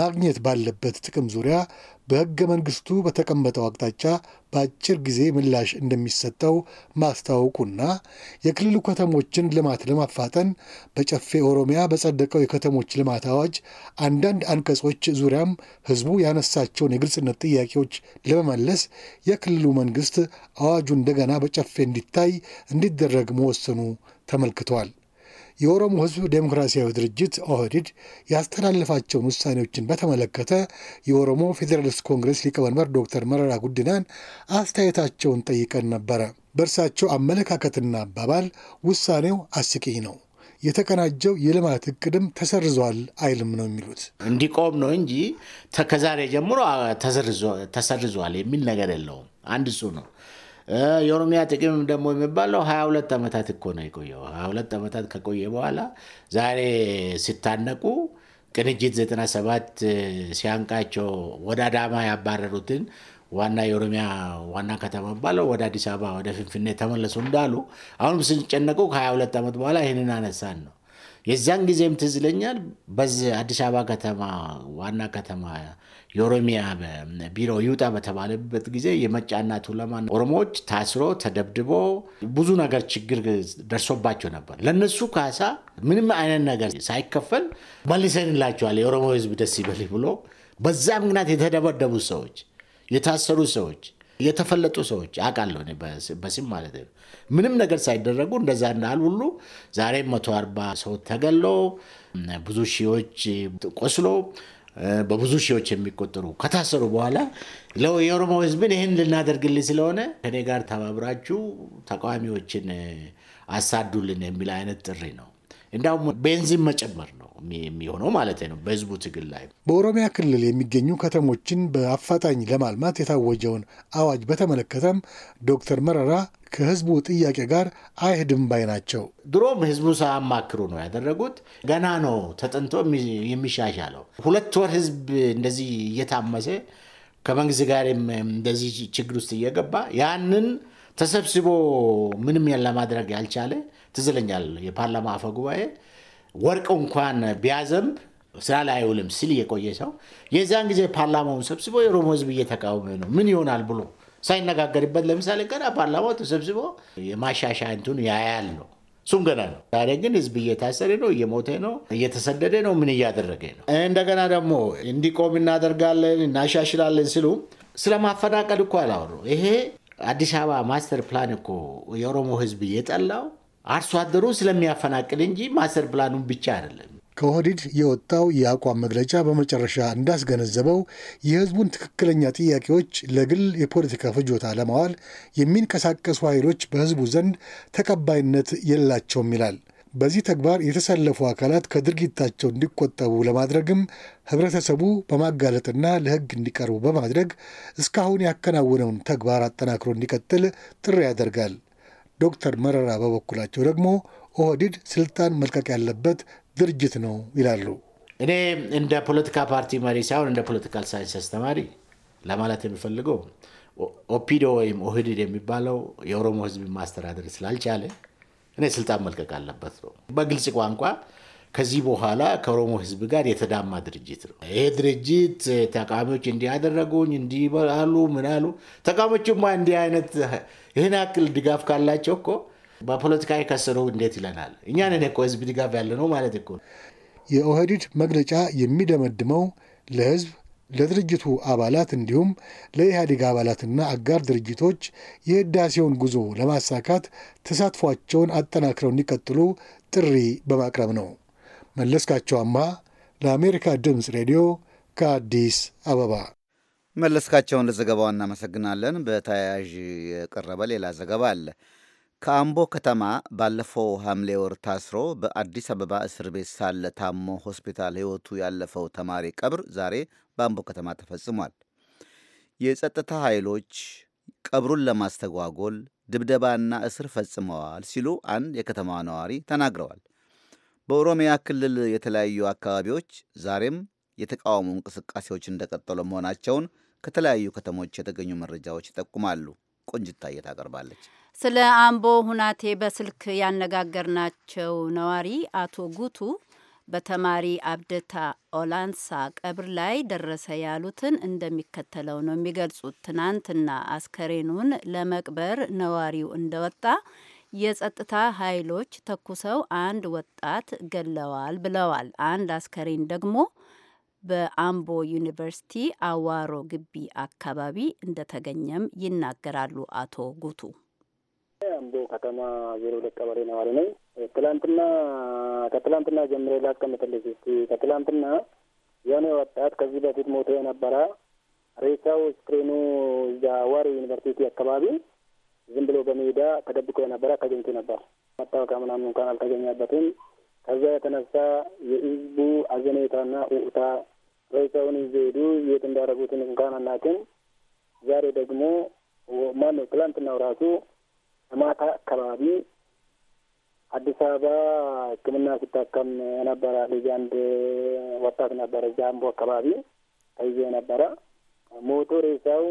ማግኘት ባለበት ጥቅም ዙሪያ በሕገ መንግሥቱ በተቀመጠው አቅጣጫ በአጭር ጊዜ ምላሽ እንደሚሰጠው ማስታወቁና የክልሉ ከተሞችን ልማት ለማፋጠን በጨፌ ኦሮሚያ በጸደቀው የከተሞች ልማት አዋጅ አንዳንድ አንቀጾች ዙሪያም ሕዝቡ ያነሳቸውን የግልጽነት ጥያቄዎች ለመመለስ የክልሉ መንግሥት አዋጁ እንደገና በጨፌ እንዲታይ እንዲደረግ መወሰኑ ተመልክቷል። የኦሮሞ ህዝብ ዴሞክራሲያዊ ድርጅት ኦህዲድ ያስተላለፋቸውን ውሳኔዎችን በተመለከተ የኦሮሞ ፌዴራሊስት ኮንግረስ ሊቀመንበር ዶክተር መረራ ጉዲናን አስተያየታቸውን ጠይቀን ነበረ። በእርሳቸው አመለካከትና አባባል ውሳኔው አስቂኝ ነው፣ የተቀናጀው የልማት እቅድም ተሰርዟል አይልም ነው የሚሉት። እንዲቆም ነው እንጂ ከዛሬ ጀምሮ ተሰርዟል የሚል ነገር የለውም። አንድ እሱ ነው። የኦሮሚያ ጥቅም ደግሞ የሚባለው ሀያ ሁለት ዓመታት እኮ ነው የቆየው። ሀያ ሁለት ዓመታት ከቆየ በኋላ ዛሬ ሲታነቁ ቅንጅት 97 ሲያንቃቸው ወደ አዳማ ያባረሩትን ዋና የኦሮሚያ ዋና ከተማ ባለው ወደ አዲስ አበባ ወደ ፍንፍኔ ተመለሱ እንዳሉ አሁንም ስንጨነቁ ከ22 ዓመት በኋላ ይህንን አነሳን ነው። የዚያን ጊዜም ትዝለኛል ይለኛል በዚህ አዲስ አበባ ከተማ ዋና ከተማ የኦሮሚያ ቢሮ ይውጣ በተባለበት ጊዜ የመጫና ቱለማ ኦሮሞዎች ታስሮ ተደብድቦ ብዙ ነገር ችግር ደርሶባቸው ነበር። ለነሱ ካሳ ምንም አይነት ነገር ሳይከፈል መልሰንላቸዋል የኦሮሞ ህዝብ ደስ ይበል ብሎ በዛ ምክንያት የተደበደቡ ሰዎች፣ የታሰሩ ሰዎች፣ የተፈለጡ ሰዎች አውቃለሁ በስም ማለት ነው። ምንም ነገር ሳይደረጉ እንደዛ እንዳል ሁሉ ዛሬ መቶ አርባ ሰው ተገሎ ብዙ ሺዎች ቆስሎ በብዙ ሺዎች የሚቆጠሩ ከታሰሩ በኋላ የኦሮሞ ህዝብን ይህን ልናደርግልን ስለሆነ ከኔ ጋር ተባብራችሁ ተቃዋሚዎችን አሳዱልን የሚል አይነት ጥሪ ነው። እንዲሁም ቤንዚን መጨመር ነው የሚሆነው ማለት ነው በህዝቡ ትግል ላይ። በኦሮሚያ ክልል የሚገኙ ከተሞችን በአፋጣኝ ለማልማት የታወጀውን አዋጅ በተመለከተም ዶክተር መረራ ከህዝቡ ጥያቄ ጋር አይሄድም ባይ ናቸው። ድሮም ህዝቡ ሳያማክሩ ነው ያደረጉት። ገና ነው ተጠንቶ የሚሻሻለው። ሁለት ወር ህዝብ እንደዚህ እየታመሰ ከመንግስት ጋርም እንደዚህ ችግር ውስጥ እየገባ ያንን ተሰብስቦ ምንም ለማድረግ ያልቻለ ትዝለኛል። የፓርላማ አፈ ጉባኤ ወርቅ እንኳን ቢያዘንብ ስራ ላይ አይውልም ሲል የቆየ ሰው የዚያን ጊዜ ፓርላማውን ሰብስቦ የኦሮሞ ህዝብ እየተቃወመ ነው ምን ይሆናል ብሎ ሳይነጋገርበት ለምሳሌ ገና ፓርላማው ተሰብስቦ የማሻሻያ እንትኑ ያያል ነው። እሱም ገና ነው። ዛሬ ግን ህዝብ እየታሰረ ነው፣ እየሞተ ነው፣ እየተሰደደ ነው። ምን እያደረገ ነው? እንደገና ደግሞ እንዲቆም እናደርጋለን፣ እናሻሽላለን ሲሉ ስለማፈናቀል ማፈናቀል እኮ አላወሩ። ይሄ አዲስ አበባ ማስተር ፕላን እኮ የኦሮሞ ህዝብ እየጠላው አርሶ አደሩ ስለሚያፈናቅል እንጂ ማስተር ፕላኑን ብቻ አይደለም። ከኦህዲድ የወጣው የአቋም መግለጫ በመጨረሻ እንዳስገነዘበው የህዝቡን ትክክለኛ ጥያቄዎች ለግል የፖለቲካ ፍጆታ ለማዋል የሚንቀሳቀሱ ኃይሎች በህዝቡ ዘንድ ተቀባይነት የላቸውም ይላል። በዚህ ተግባር የተሰለፉ አካላት ከድርጊታቸው እንዲቆጠቡ ለማድረግም ህብረተሰቡ በማጋለጥና ለህግ እንዲቀርቡ በማድረግ እስካሁን ያከናውነውን ተግባር አጠናክሮ እንዲቀጥል ጥሪ ያደርጋል። ዶክተር መረራ በበኩላቸው ደግሞ ኦህዲድ ስልጣን መልቀቅ ያለበት ድርጅት ነው ይላሉ። እኔ እንደ ፖለቲካ ፓርቲ መሪ ሳይሆን እንደ ፖለቲካል ሳይንስ አስተማሪ ለማለት የሚፈልገው ኦፒዶ ወይም ኦህድድ የሚባለው የኦሮሞ ህዝብ ማስተዳደር ስላልቻለ እኔ ስልጣን መልቀቅ አለበት ነው። በግልጽ ቋንቋ ከዚህ በኋላ ከኦሮሞ ህዝብ ጋር የተዳማ ድርጅት ነው። ይሄ ድርጅት ተቃዋሚዎች እንዲያደረጉኝ እንዲበላሉ ምናሉ ተቃዋሚዎችማ እንዲህ አይነት ይህን ያክል ድጋፍ ካላቸው እኮ በፖለቲካ የከሰረው እንዴት ይለናል? እኛን እኔ እኮ ህዝብ ድጋፍ ያለ ነው ማለት እኮ የኦህዲድ መግለጫ የሚደመድመው ለህዝብ ለድርጅቱ አባላት እንዲሁም ለኢህአዴግ አባላትና አጋር ድርጅቶች የህዳሴውን ጉዞ ለማሳካት ተሳትፏቸውን አጠናክረው እንዲቀጥሉ ጥሪ በማቅረብ ነው። መለስካቸው አማ ለአሜሪካ ድምፅ ሬዲዮ ከአዲስ አበባ። መለስካቸውን ለዘገባው እናመሰግናለን። በተያያዥ የቀረበ ሌላ ዘገባ አለ። ከአምቦ ከተማ ባለፈው ሐምሌ ወር ታስሮ በአዲስ አበባ እስር ቤት ሳለ ታሞ ሆስፒታል ሕይወቱ ያለፈው ተማሪ ቀብር ዛሬ በአምቦ ከተማ ተፈጽሟል። የጸጥታ ኃይሎች ቀብሩን ለማስተጓጎል ድብደባና እስር ፈጽመዋል ሲሉ አንድ የከተማዋ ነዋሪ ተናግረዋል። በኦሮሚያ ክልል የተለያዩ አካባቢዎች ዛሬም የተቃውሞ እንቅስቃሴዎች እንደቀጠሉ መሆናቸውን ከተለያዩ ከተሞች የተገኙ መረጃዎች ይጠቁማሉ። ቆንጅታየት ታቀርባለች። ስለ አምቦ ሁናቴ በስልክ ያነጋገርናቸው ነዋሪ አቶ ጉቱ በተማሪ አብደታ ኦላንሳ ቀብር ላይ ደረሰ ያሉትን እንደሚከተለው ነው የሚገልጹት። ትናንትና አስከሬኑን ለመቅበር ነዋሪው እንደወጣ የጸጥታ ኃይሎች ተኩሰው አንድ ወጣት ገለዋል ብለዋል። አንድ አስከሬን ደግሞ በአምቦ ዩኒቨርሲቲ አዋሮ ግቢ አካባቢ እንደተገኘም ይናገራሉ አቶ ጉቱ አምቦ ከተማ ዜሮ ሁለት ቀበሌ ነዋሪ ነኝ። ትላንትና ከትላንትና ጀምሮ ላስቀምጥልሽ እስቲ። ከትላንትና የሆነ ወጣት ከዚህ በፊት ሞቶ የነበረ ሬሳው ስክሪኑ እዛ ዋሪ ዩኒቨርሲቲ አካባቢ ዝም ብሎ በሜዳ ተደብቆ የነበረ ተገኝቶ ነበር። መታወቂያ ምናምን እንኳን አልተገኘበትም። ከዛ የተነሳ የህዝቡ አዘኔታና ውዕታ ሬሳውን ይዘው ሄዱ። የት እንዳደረጉትን እንኳን አናውቅም። ዛሬ ደግሞ ማነው ትላንትናው ራሱ በማታ አካባቢ አዲስ አበባ ሕክምና ሲታከም የነበረ ልጅ አንድ ወጣት ነበረ። ጃምቦ አካባቢ ተይዞ የነበረ ሞቶ ሬሳው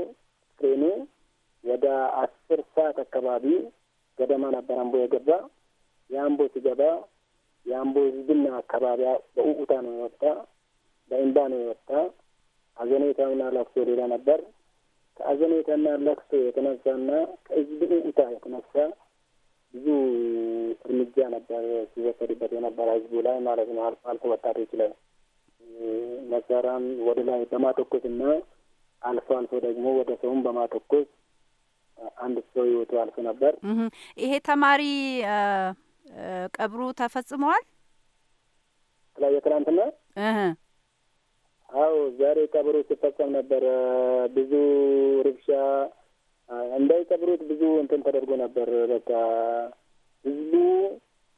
ስክሪኑ ወደ አስር ሰዓት አካባቢ ገደማ ነበር አምቦ የገባ። የአምቦ ሲገባ የአምቦ ህዝብና አካባቢ በኡኡታ ነው የወጣ፣ በእንባ ነው የወጣ። አዘኔታውና ላክሶ ሌላ ነበር። ከአዘኔታና ለቅሶ የተነሳና እንታ የተነሳ ብዙ እርምጃ ነበር ሲወሰድበት የነበረ ህዝቡ ላይ ማለት ነው። አልፎ አልፎ ወጣቶች ላይ መሳሪያም ወደ ላይ በማተኮስና አልፎ አልፎ ደግሞ ወደ ሰውም በማተኮስ አንድ ሰው ህይወቱ አልፎ ነበር። ይሄ ተማሪ ቀብሩ ተፈጽመዋል ላይ የትላንትና አዎ ዛሬ ቀብሩ ሲፈጸም ነበር ብዙ ርብሻ እንዳይቀብሩት ብዙ እንትን ተደርጎ ነበር። በቃ ህዝቡ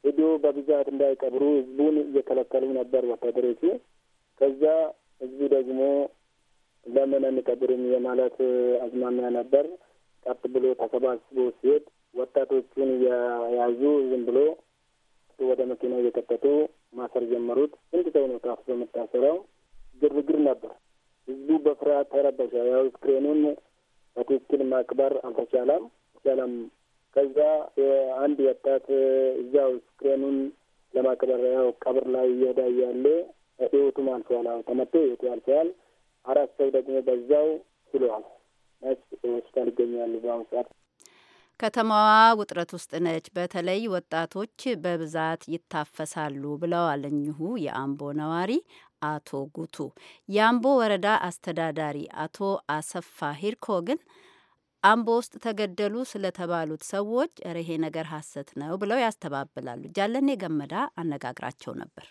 ሄዶ በብዛት እንዳይቀብሩ ህዝቡን እየከለከሉ ነበር ወታደሮቹ። ከዛ ህዝቡ ደግሞ ለምን አንቀብርም የማለት አዝማሚያ ነበር። ቀጥ ብሎ ተሰባስቦ ሲሄድ ወጣቶቹን የያዙ ዝም ብሎ ወደ መኪና እየከተቱ ማሰር ጀመሩት። ስንት ሰው ነው ታፍሶ የምታሰረው? ግርግር ነበር። ህዝቡ በፍርሃት ተረበሸ። ያው አስክሬኑን በትክክል ማክበር አልተቻለም አልተቻለም። ከዛ አንድ ወጣት እዚያው አስክሬኑን ለማክበር ያው ቀብር ላይ እየሄዳ እያለ ህይወቱም አልፈዋል። አሁ ተመቶ ህይወቱ አልፈዋል። አራት ሰው ደግሞ በዛው ችሏል። ነጭ ሆስፒታል ይገኛሉ በአሁኑ ሰዓት። ከተማዋ ውጥረት ውስጥ ነች። በተለይ ወጣቶች በብዛት ይታፈሳሉ ብለዋል እኚሁ የአምቦ ነዋሪ። አቶ ጉቱ። የአምቦ ወረዳ አስተዳዳሪ አቶ አሰፋ ሂርኮ ግን አምቦ ውስጥ ተገደሉ ስለተባሉት ሰዎች ረሄ ነገር ሀሰት ነው ብለው ያስተባብላሉ። ጃለኔ ገመዳ አነጋግራቸው ነበር።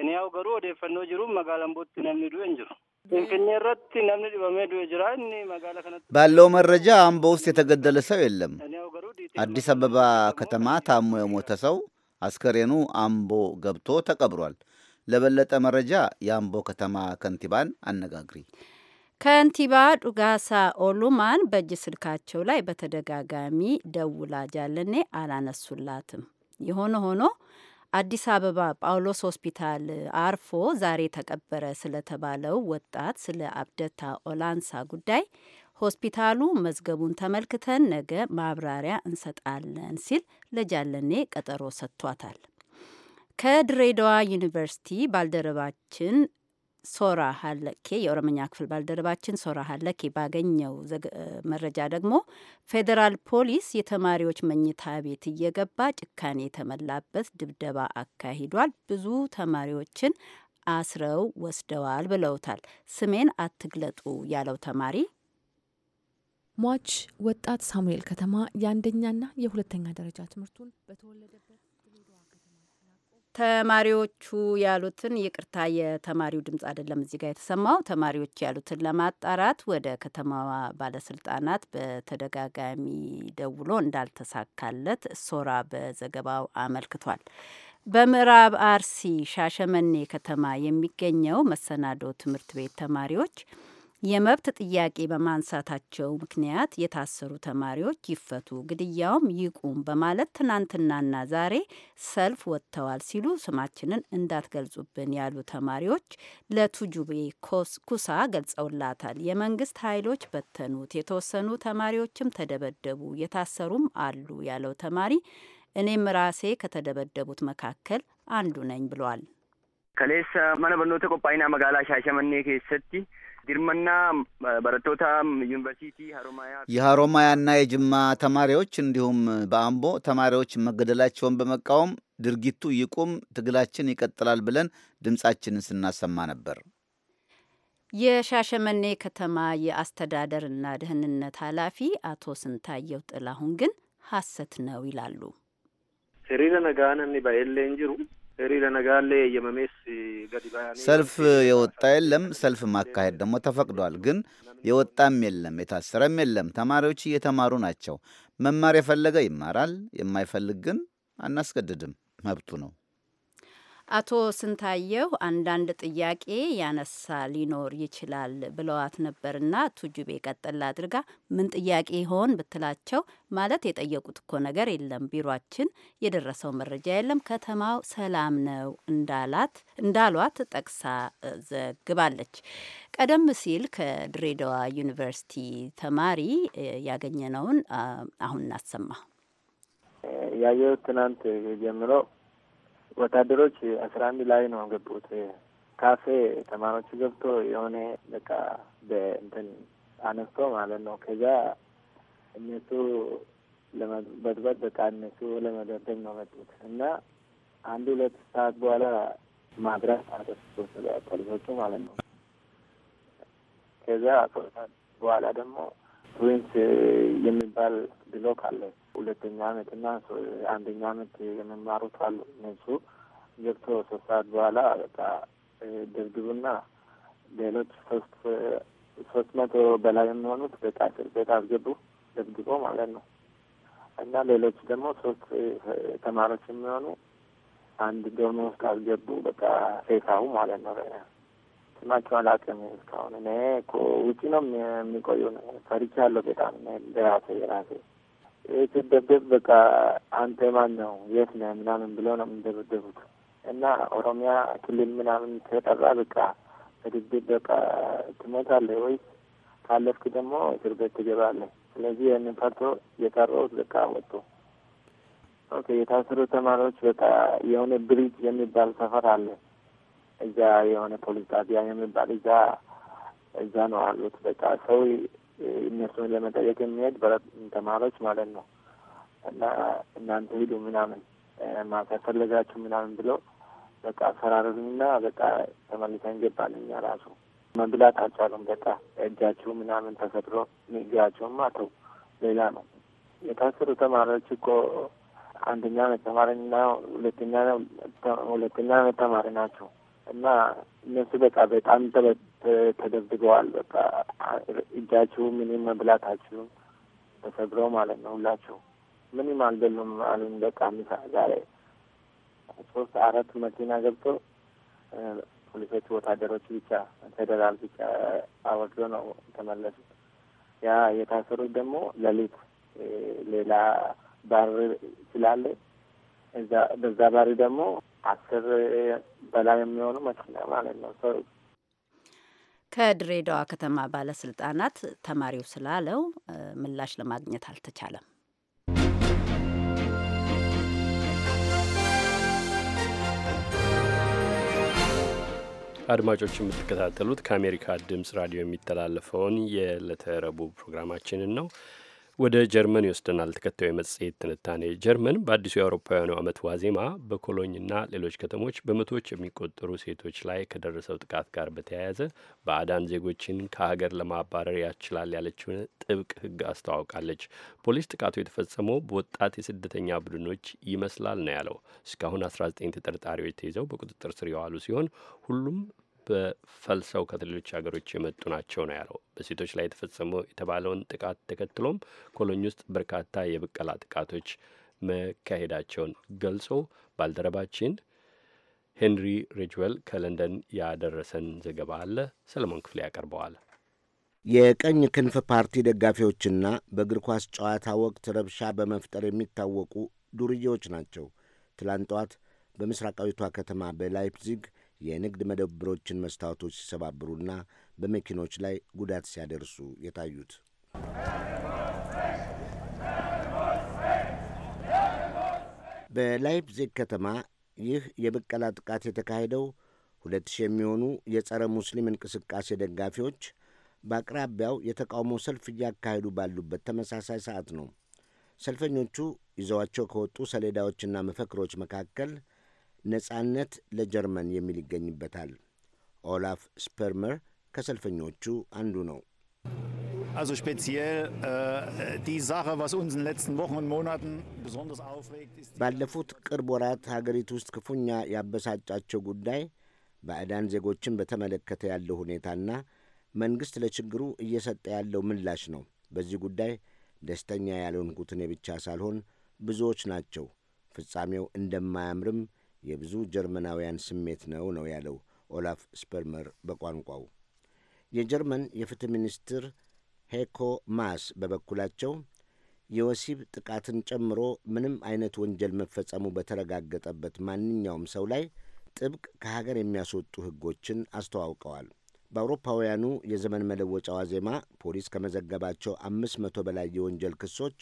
እኔ ያው ገሩ ወደ ፈኖ ጅሩ መጋለንቦት ነሚዱ እንጅሩ ባለው መረጃ አምቦ ውስጥ የተገደለ ሰው የለም። አዲስ አበባ ከተማ ታሞ የሞተ ሰው አስከሬኑ አምቦ ገብቶ ተቀብሯል። ለበለጠ መረጃ የአምቦ ከተማ ከንቲባን አነጋግሪ። ከንቲባ ዱጋሳ ኦሉማን በእጅ ስልካቸው ላይ በተደጋጋሚ ደውላ ጃለኔ አላነሱላትም። የሆነ ሆኖ አዲስ አበባ ጳውሎስ ሆስፒታል አርፎ ዛሬ ተቀበረ ስለተባለው ወጣት ስለ አብደታ ኦላንሳ ጉዳይ ሆስፒታሉ መዝገቡን ተመልክተን ነገ ማብራሪያ እንሰጣለን ሲል ለጃለኔ ቀጠሮ ሰጥቷታል። ከድሬዳዋ ዩኒቨርሲቲ ባልደረባችን ሶራ ሀለኬ የኦሮምኛ ክፍል ባልደረባችን ሶራ ሀለኬ ባገኘው መረጃ ደግሞ ፌዴራል ፖሊስ የተማሪዎች መኝታ ቤት እየገባ ጭካኔ የተመላበት ድብደባ አካሂዷል፣ ብዙ ተማሪዎችን አስረው ወስደዋል ብለውታል። ስሜን አትግለጡ ያለው ተማሪ ሟች ወጣት ሳሙኤል ከተማ የአንደኛና የሁለተኛ ደረጃ ትምህርቱን በተወለደበት ተማሪዎቹ ያሉትን ይቅርታ፣ የተማሪው ድምፅ አይደለም እዚህ ጋር የተሰማው። ተማሪዎች ያሉትን ለማጣራት ወደ ከተማዋ ባለስልጣናት በተደጋጋሚ ደውሎ እንዳልተሳካለት ሶራ በዘገባው አመልክቷል። በምዕራብ አርሲ ሻሸመኔ ከተማ የሚገኘው መሰናዶ ትምህርት ቤት ተማሪዎች የመብት ጥያቄ በማንሳታቸው ምክንያት የታሰሩ ተማሪዎች ይፈቱ፣ ግድያውም ይቁም በማለት ትናንትናና ዛሬ ሰልፍ ወጥተዋል ሲሉ ስማችንን እንዳትገልጹብን ያሉ ተማሪዎች ለቱጁቤ ኩሳ ገልጸውላታል። የመንግስት ኃይሎች በተኑት፣ የተወሰኑ ተማሪዎችም ተደበደቡ፣ የታሰሩም አሉ ያለው ተማሪ እኔም ራሴ ከተደበደቡት መካከል አንዱ ነኝ ብሏል። ከሌሳ መነ ቆጳይና መጋላ ሻሸመኔ ኬሰቲ ድርመና በረቶታ ዩኒቨርሲቲ ሀሮማያ የሀሮማያና የጅማ ተማሪዎች እንዲሁም በአምቦ ተማሪዎች መገደላቸውን በመቃወም ድርጊቱ ይቁም፣ ትግላችን ይቀጥላል ብለን ድምጻችንን ስናሰማ ነበር። የሻሸመኔ ከተማ የአስተዳደርና ደህንነት ኃላፊ አቶ ስንታየው ጥላሁን ግን ሀሰት ነው ይላሉ። ሲሪለ ነጋነኒ ባኤሌ እንጅሩ ሰልፍ የወጣ የለም። ሰልፍ ማካሄድ ደግሞ ተፈቅዷል፣ ግን የወጣም የለም፣ የታሰረም የለም። ተማሪዎች እየተማሩ ናቸው። መማር የፈለገ ይማራል፣ የማይፈልግ ግን አናስገድድም፣ መብቱ ነው። አቶ ስንታየው አንዳንድ ጥያቄ ያነሳ ሊኖር ይችላል ብለዋት ነበርና ቱጁቤ ቀጠል አድርጋ ምን ጥያቄ ይሆን ብትላቸው ማለት የጠየቁት እኮ ነገር የለም፣ ቢሯችን የደረሰው መረጃ የለም፣ ከተማው ሰላም ነው እንዳላት እንዳሏት ጠቅሳ ዘግባለች። ቀደም ሲል ከድሬዳዋ ዩኒቨርሲቲ ተማሪ ያገኘነውን አሁን እናሰማ። ያየሁት ትናንት ጀምሮ ወታደሮች አስራ አንድ ላይ ነው ገቡት። ካፌ ተማሪዎች ገብቶ የሆነ በቃ በእንትን አነስቶ ማለት ነው። ከዛ እነሱ ለመበጥበጥ በቃ እነሱ ለመደብደብ ነው መጡት እና አንድ ሁለት ሰዓት በኋላ ማድረስ አነስቶት ፖሊሶቹ ማለት ነው። ከዛ በኋላ ደግሞ ፕሪንስ የሚባል ብሎክ አለ ሁለተኛ አመት እና አንደኛ አመት የመማሩት አሉ። እነሱ ገብቶ ሶስት ሰዓት በኋላ በቃ ደብድቡና ሌሎች ሶስት ሶስት መቶ በላይ የሚሆኑት በቃ ቤት አስገቡ ደብድቦ ማለት ነው እና ሌሎች ደግሞ ሶስት ተማሪዎች የሚሆኑ አንድ ዶርም ውስጥ አስገቡ። በቃ ሴሳው ማለት ነው። ስማቸው አላውቅም እስካሁን። እኔ ውጪ ነው የሚቆዩ። ፈሪቻ ያለው በጣም ራሴ ራሴ ስትደበደብ በቃ አንተ ማን ነው የት ነህ ምናምን ብለው ነው የምንደበደቡት። እና ኦሮሚያ ክልል ምናምን ተጠራ በቃ በድብድብ በቃ ትሞታለህ ወይስ ካለፍክ ደግሞ እስር ቤት ትገባለህ። ስለዚህ ያንን ፈርቶ የቀረውት በቃ ወጡ። ኦኬ የታሰሩ ተማሪዎች በቃ የሆነ ብሪጅ የሚባል ሰፈር አለ እዛ የሆነ ፖሊስ ጣቢያ የሚባል እዛ እዛ ነው አሉት በቃ ሰው እነሱን ለመጠየቅ የሚሄድ በረት ተማሪዎች ማለት ነው እና እናንተ ሂዱ ምናምን ማታ ፈለጋችሁ ምናምን ብለው በቃ አፈራረሉና በቃ ተመልሰን እንገባለን። እኛ ራሱ መብላት አልቻሉም። በቃ እጃችሁ ምናምን ተፈጥሮ ንግግራቸውም አተው ሌላ ነው። የታሰሩ ተማሪዎች እኮ አንደኛ ዓመት ተማሪና ሁለተኛ ሁለተኛ ዓመት ተማሪ ናቸው እና እነሱ በቃ በጣም ተደብድበዋል። በቃ እጃችሁ ምንም መብላታችሁ ተሰብረው ማለት ነው። ሁላችሁ ምንም አልበሉም አሉን። በቃ ምሳ ዛሬ ሶስት አራት መኪና ገብቶ ፖሊሶች፣ ወታደሮች ብቻ ፌደራል ብቻ አወርዶ ነው ተመለሱት። ያ የታሰሩት ደግሞ ሌሊት ሌላ ባር ስላለ እዛ በዛ ባሪ ደግሞ አስር በላይ የሚሆኑ መኪና ማለት ነው ሰው ከድሬዳዋ ከተማ ባለስልጣናት ተማሪው ስላለው ምላሽ ለማግኘት አልተቻለም። አድማጮች የምትከታተሉት ከአሜሪካ ድምጽ ራዲዮ የሚተላለፈውን የዕለተ ረቡዕ ፕሮግራማችንን ነው። ወደ ጀርመን ይወስደናል። ተከታዩ የመጽሔት ትንታኔ ጀርመን በአዲሱ የአውሮፓውያኑ ዓመት ዋዜማ በኮሎኝና ሌሎች ከተሞች በመቶዎች የሚቆጠሩ ሴቶች ላይ ከደረሰው ጥቃት ጋር በተያያዘ በአዳን ዜጎችን ከሀገር ለማባረር ያስችላል ያለችውን ጥብቅ ሕግ አስተዋውቃለች። ፖሊስ ጥቃቱ የተፈጸመው በወጣት የስደተኛ ቡድኖች ይመስላል ነው ያለው። እስካሁን 19 ተጠርጣሪዎች ተይዘው በቁጥጥር ስር የዋሉ ሲሆን ሁሉም በፈልሰው ከተሌሎች ሀገሮች የመጡ ናቸው ነው ያለው። በሴቶች ላይ የተፈጸመው የተባለውን ጥቃት ተከትሎም ኮሎኝ ውስጥ በርካታ የብቀላ ጥቃቶች መካሄዳቸውን ገልጾ ባልደረባችን ሄንሪ ሪጅዌል ከለንደን ያደረሰን ዘገባ አለ። ሰለሞን ክፍሌ ያቀርበዋል። የቀኝ ክንፍ ፓርቲ ደጋፊዎችና በእግር ኳስ ጨዋታ ወቅት ረብሻ በመፍጠር የሚታወቁ ዱርዬዎች ናቸው። ትላንት ጠዋት በምስራቃዊቷ ከተማ በላይፕዚግ የንግድ መደብሮችን መስታወቶች ሲሰባብሩና በመኪኖች ላይ ጉዳት ሲያደርሱ የታዩት። በላይፕዚግ ከተማ ይህ የብቀላ ጥቃት የተካሄደው ሁለት ሺህ የሚሆኑ የጸረ ሙስሊም እንቅስቃሴ ደጋፊዎች በአቅራቢያው የተቃውሞ ሰልፍ እያካሄዱ ባሉበት ተመሳሳይ ሰዓት ነው። ሰልፈኞቹ ይዘዋቸው ከወጡ ሰሌዳዎችና መፈክሮች መካከል ነጻነት ለጀርመን የሚል ይገኝበታል። ኦላፍ ስፐርመር ከሰልፈኞቹ አንዱ ነው። ባለፉት ቅርብ ወራት ሀገሪቱ ውስጥ ክፉኛ ያበሳጫቸው ጉዳይ ባዕዳን ዜጎችን በተመለከተ ያለው ሁኔታና መንግሥት ለችግሩ እየሰጠ ያለው ምላሽ ነው። በዚህ ጉዳይ ደስተኛ ያልሆንኩት እኔ ብቻ ሳልሆን ብዙዎች ናቸው። ፍጻሜው እንደማያምርም የብዙ ጀርመናውያን ስሜት ነው ነው ያለው ኦላፍ ስፐርመር በቋንቋው። የጀርመን የፍትህ ሚኒስትር ሄኮ ማስ በበኩላቸው የወሲብ ጥቃትን ጨምሮ ምንም አይነት ወንጀል መፈጸሙ በተረጋገጠበት ማንኛውም ሰው ላይ ጥብቅ ከሀገር የሚያስወጡ ሕጎችን አስተዋውቀዋል። በአውሮፓውያኑ የዘመን መለወጫ ዋዜማ ፖሊስ ከመዘገባቸው አምስት መቶ በላይ የወንጀል ክሶች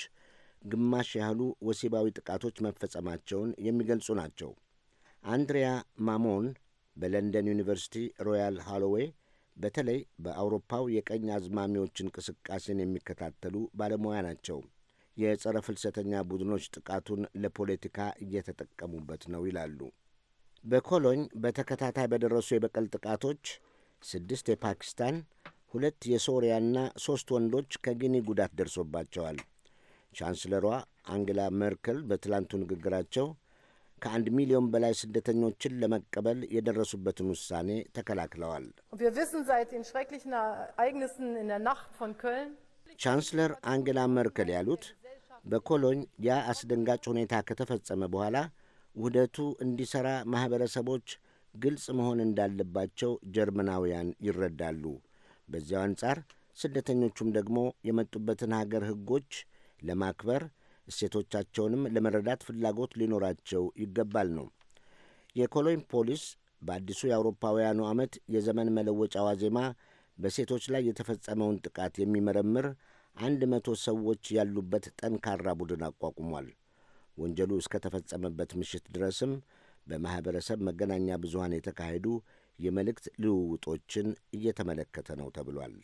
ግማሽ ያህሉ ወሲባዊ ጥቃቶች መፈጸማቸውን የሚገልጹ ናቸው። አንድሪያ ማሞን በለንደን ዩኒቨርሲቲ ሮያል ሃሎዌይ በተለይ በአውሮፓው የቀኝ አዝማሚዎች እንቅስቃሴን የሚከታተሉ ባለሙያ ናቸው። የጸረ ፍልሰተኛ ቡድኖች ጥቃቱን ለፖለቲካ እየተጠቀሙበት ነው ይላሉ። በኮሎኝ በተከታታይ በደረሱ የበቀል ጥቃቶች ስድስት የፓኪስታን ሁለት የሶሪያና ሦስት ወንዶች ከጊኒ ጉዳት ደርሶባቸዋል። ቻንስለሯ አንግላ መርከል በትላንቱ ንግግራቸው ከአንድ ሚሊዮን በላይ ስደተኞችን ለመቀበል የደረሱበትን ውሳኔ ተከላክለዋል። ቻንስለር አንጌላ መርከል ያሉት በኮሎኝ ያ አስደንጋጭ ሁኔታ ከተፈጸመ በኋላ ውህደቱ እንዲሠራ ማኅበረሰቦች ግልጽ መሆን እንዳለባቸው ጀርመናውያን ይረዳሉ። በዚያው አንጻር ስደተኞቹም ደግሞ የመጡበትን ሀገር ሕጎች ለማክበር እሴቶቻቸውንም ለመረዳት ፍላጎት ሊኖራቸው ይገባል ነው። የኮሎኝ ፖሊስ በአዲሱ የአውሮፓውያኑ ዓመት የዘመን መለወጫ ዋዜማ በሴቶች ላይ የተፈጸመውን ጥቃት የሚመረምር አንድ መቶ ሰዎች ያሉበት ጠንካራ ቡድን አቋቁሟል። ወንጀሉ እስከተፈጸመበት ምሽት ድረስም በማኅበረሰብ መገናኛ ብዙሃን የተካሄዱ የመልእክት ልውውጦችን እየተመለከተ ነው ተብሏል።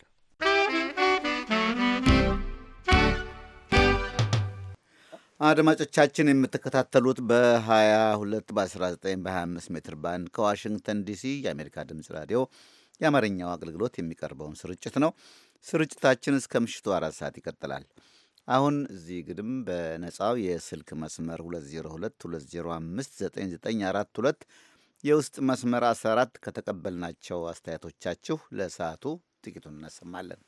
አድማጮቻችን የምትከታተሉት በ22 በ19 በ25 ሜትር ባንድ ከዋሽንግተን ዲሲ የአሜሪካ ድምፅ ራዲዮ የአማርኛው አገልግሎት የሚቀርበውን ስርጭት ነው። ስርጭታችን እስከ ምሽቱ አራት ሰዓት ይቀጥላል። አሁን እዚህ ግድም በነጻው የስልክ መስመር 2022059942 የውስጥ መስመር 14 ከተቀበልናቸው አስተያየቶቻችሁ ለሰዓቱ ጥቂቱን እናሰማለን።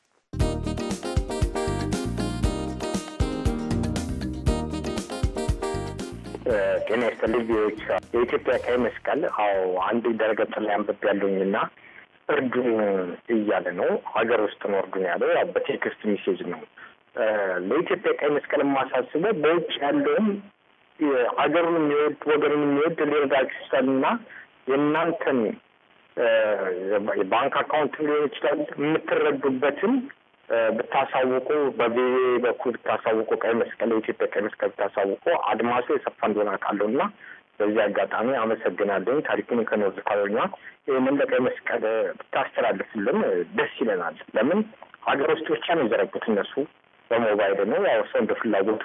ጤና ይስጥልኝ። የኢትዮጵያ ቀይ መስቀል አዎ፣ አንድ ድረገጽ ላይ አንብቤ ያለኝ እና እርዱን እያለ ነው። ሀገር ውስጥ ነው እርዱን ያለው። ያው በቴክስት ሚሴጅ ነው። ለኢትዮጵያ ቀይ መስቀል የማሳስበው በውጭ ያለውም ሀገሩን የሚወድ ወገኑን የሚወድ ሊረዳችሁ ይችላል እና የእናንተን ባንክ አካውንት ሊሆን ይችላል የምትረዱበትን ብታሳውቁ በቪኤ በኩል ብታሳውቁ፣ ቀይ መስቀል የኢትዮጵያ ቀይ መስቀል ብታሳውቁ አድማሱ የሰፋ እንደሆነ አውቃለሁ እና በዚህ አጋጣሚ አመሰግናለሁ። ታሪኩን ከኖርዝ ካሮና ይህንን ለቀይ መስቀል ብታስተላልፍልን ደስ ይለናል። ለምን ሀገር ውስጥ ብቻ ነው የዘረጉት እነሱ በሞባይል ነው ያው ሰው እንደ ፍላጎቱ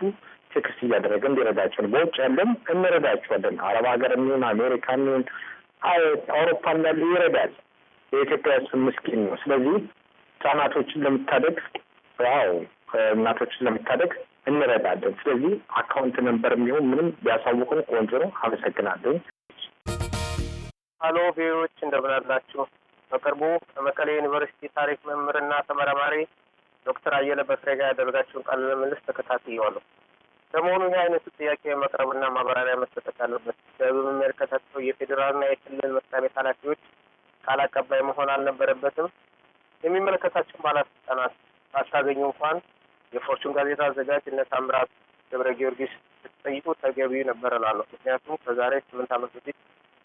ቴክስት እያደረገ እንዲረዳቸውን በውጭ ያለም እንረዳቸዋለን። አረብ ሀገር የሚሆን አሜሪካ የሚሆን አውሮፓ ያሉ ይረዳል። የኢትዮጵያ ሕዝብ ምስኪን ነው። ስለዚህ ህጻናቶችን ለምታደግ ያው እናቶችን ለምታደግ እንረዳለን። ስለዚህ አካውንት ነንበር የሚሆን ምንም ቢያሳውቁን ቆንጆ ነው። አመሰግናለሁ። ሀሎ ቪዎች እንደምን አላችሁ? በቅርቡ በመቀሌ ዩኒቨርሲቲ ታሪክ መምህርና ተመራማሪ ዶክተር አየለ በፍሬ ጋር ያደረጋችሁን ቃለ ምልልስ ተከታትያለሁ። ለመሆኑ ይህ አይነቱ ጥያቄ መቅረብና ማብራሪያ መሰጠት አለበት። በህዝብ የፌዴራልና የክልል መስሪያ ቤት ኃላፊዎች ቃል አቀባይ መሆን አልነበረበትም? የሚመለከታቸውን ባለስልጣናት ባታገኙ እንኳን የፎርቹን ጋዜጣ አዘጋጅ እነ ታምራት ገብረ ጊዮርጊስ ስትጠይቁ ተገቢ ነበር እላለሁ። ምክንያቱም ከዛሬ ስምንት ዓመት በፊት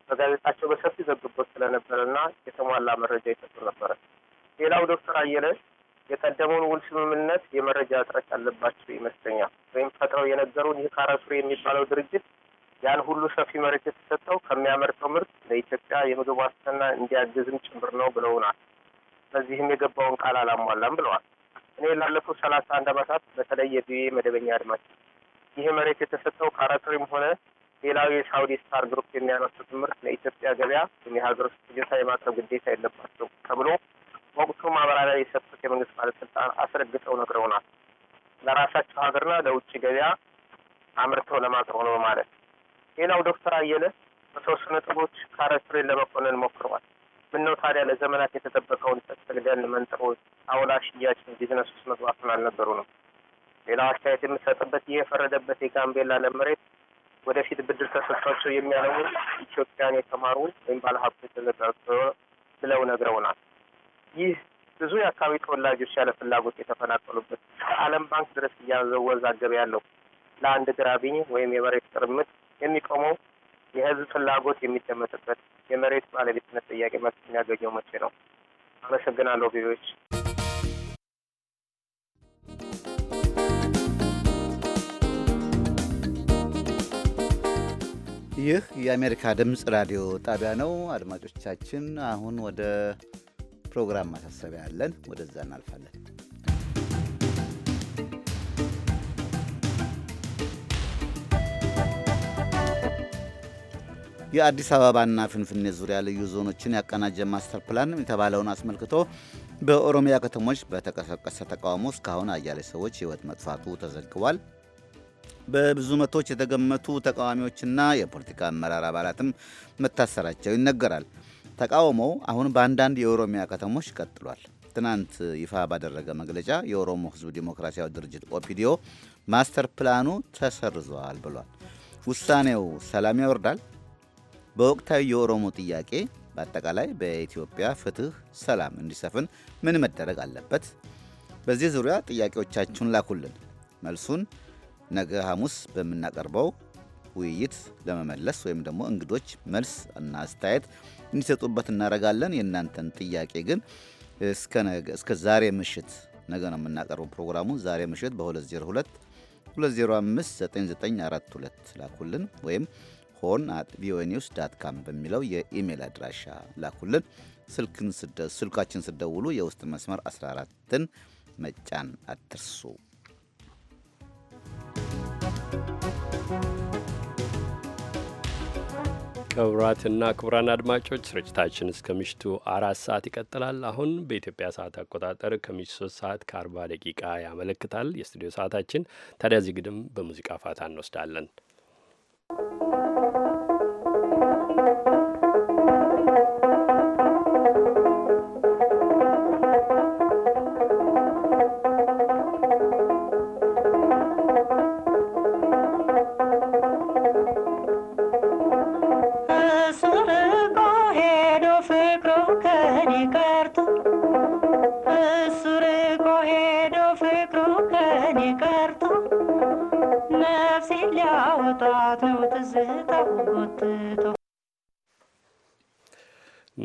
በጋዜጣቸው በሰፊ ዘግቦት ስለነበረና የተሟላ መረጃ ይሰጡ ነበረ። ሌላው ዶክተር አየለ የቀደመውን ውል ስምምነት የመረጃ እጥረት ያለባቸው ይመስለኛል። ወይም ፈጥረው የነገሩን ይህ ካራሱሬ የሚባለው ድርጅት ያን ሁሉ ሰፊ መሬት የተሰጠው ከሚያመርተው ምርት ለኢትዮጵያ የምግብ ዋስትና እንዲያግዝም ጭምር ነው ብለውናል። በዚህም የገባውን ቃል አላሟላም ብለዋል። እኔ ላለፉት ሰላሳ አንድ አመታት በተለይ የቪኦኤ መደበኛ አድማጭ ይህ መሬት የተሰጠው ካራክሪም ሆነ ሌላው የሳውዲ ስታር ግሩፕ የሚያነሱት ምርት ለኢትዮጵያ ገበያ የሀገር ውስጥ ፍጆታ የማቅረብ ግዴታ የለባቸው ተብሎ ወቅቱ ማብራሪያ የሰጡት የመንግስት ባለስልጣን አስረግጠው ነግረውናል። ለራሳቸው ሀገርና ለውጭ ገበያ አምርተው ለማቅረብ ነው ማለት። ሌላው ዶክተር አየለ በሶስት ነጥቦች ካራክተሬን ለመኮነን ሞክረዋል። ምነው ታዲያ ለዘመናት የተጠበቀውን ጥቅጥቅ ደን መንጥሮ አውላ ሽያጭ ቢዝነስ ውስጥ መግባቱን አልነበሩ ነው። ሌላው አስተያየት የምሰጥበት ይህ የፈረደበት የጋምቤላ ለም መሬት ወደፊት ብድር ተሰጥቷቸው የሚያለው ኢትዮጵያን የተማሩ ወይም ባለሀብቶች ብለው ነግረውናል። ይህ ብዙ የአካባቢ ተወላጆች ያለ ፍላጎት የተፈናቀሉበት ከዓለም ባንክ ድረስ እያዘወዛገበ ያለው ለአንድ ግራቢኝ ወይም የመሬት ቅርምት የሚቆመው የህዝብ ፍላጎት የሚደመጥበት የመሬት ባለቤትነት ጥያቄ መፍትሄ የሚያገኘው መቼ ነው? አመሰግናለሁ። ቢሮዎች ይህ የአሜሪካ ድምፅ ራዲዮ ጣቢያ ነው። አድማጮቻችን፣ አሁን ወደ ፕሮግራም ማሳሰቢያ ያለን ወደዛ እናልፋለን። የአዲስ አበባና ፍንፍኔ ዙሪያ ልዩ ዞኖችን ያቀናጀ ማስተር ፕላን የተባለውን አስመልክቶ በኦሮሚያ ከተሞች በተቀሰቀሰ ተቃውሞ እስካሁን አያሌ ሰዎች ሕይወት መጥፋቱ ተዘግቧል። በብዙ መቶች የተገመቱ ተቃዋሚዎችና የፖለቲካ አመራር አባላትም መታሰራቸው ይነገራል። ተቃውሞው አሁን በአንዳንድ የኦሮሚያ ከተሞች ቀጥሏል። ትናንት ይፋ ባደረገ መግለጫ የኦሮሞ ሕዝብ ዲሞክራሲያዊ ድርጅት ኦፒዲዮ ማስተር ፕላኑ ተሰርዟል ብሏል። ውሳኔው ሰላም ያወርዳል፣ በወቅታዊ የኦሮሞ ጥያቄ በአጠቃላይ በኢትዮጵያ ፍትህ፣ ሰላም እንዲሰፍን ምን መደረግ አለበት? በዚህ ዙሪያ ጥያቄዎቻችሁን ላኩልን። መልሱን ነገ ሐሙስ በምናቀርበው ውይይት ለመመለስ ወይም ደግሞ እንግዶች መልስ እና አስተያየት እንዲሰጡበት እናደርጋለን። የእናንተን ጥያቄ ግን እስከ ዛሬ ምሽት ነገ ነው የምናቀርበው ፕሮግራሙ ዛሬ ምሽት በ202 2059942 ላኩልን ወይም ሆን አት ቪኦኤ ኒውስ ዳት ካም በሚለው የኢሜይል አድራሻ ላኩልን። ስልካችን ስደውሉ የውስጥ መስመር 14ን መጫን አትርሱ። ክቡራትና ክቡራን አድማጮች ስርጭታችን እስከ ምሽቱ አራት ሰዓት ይቀጥላል። አሁን በኢትዮጵያ ሰዓት አቆጣጠር ከምሽቱ ሶስት ሰዓት ከአርባ ደቂቃ ያመለክታል የስቱዲዮ ሰዓታችን። ታዲያ እዚህ ግድም በሙዚቃ ፋታ እንወስዳለን።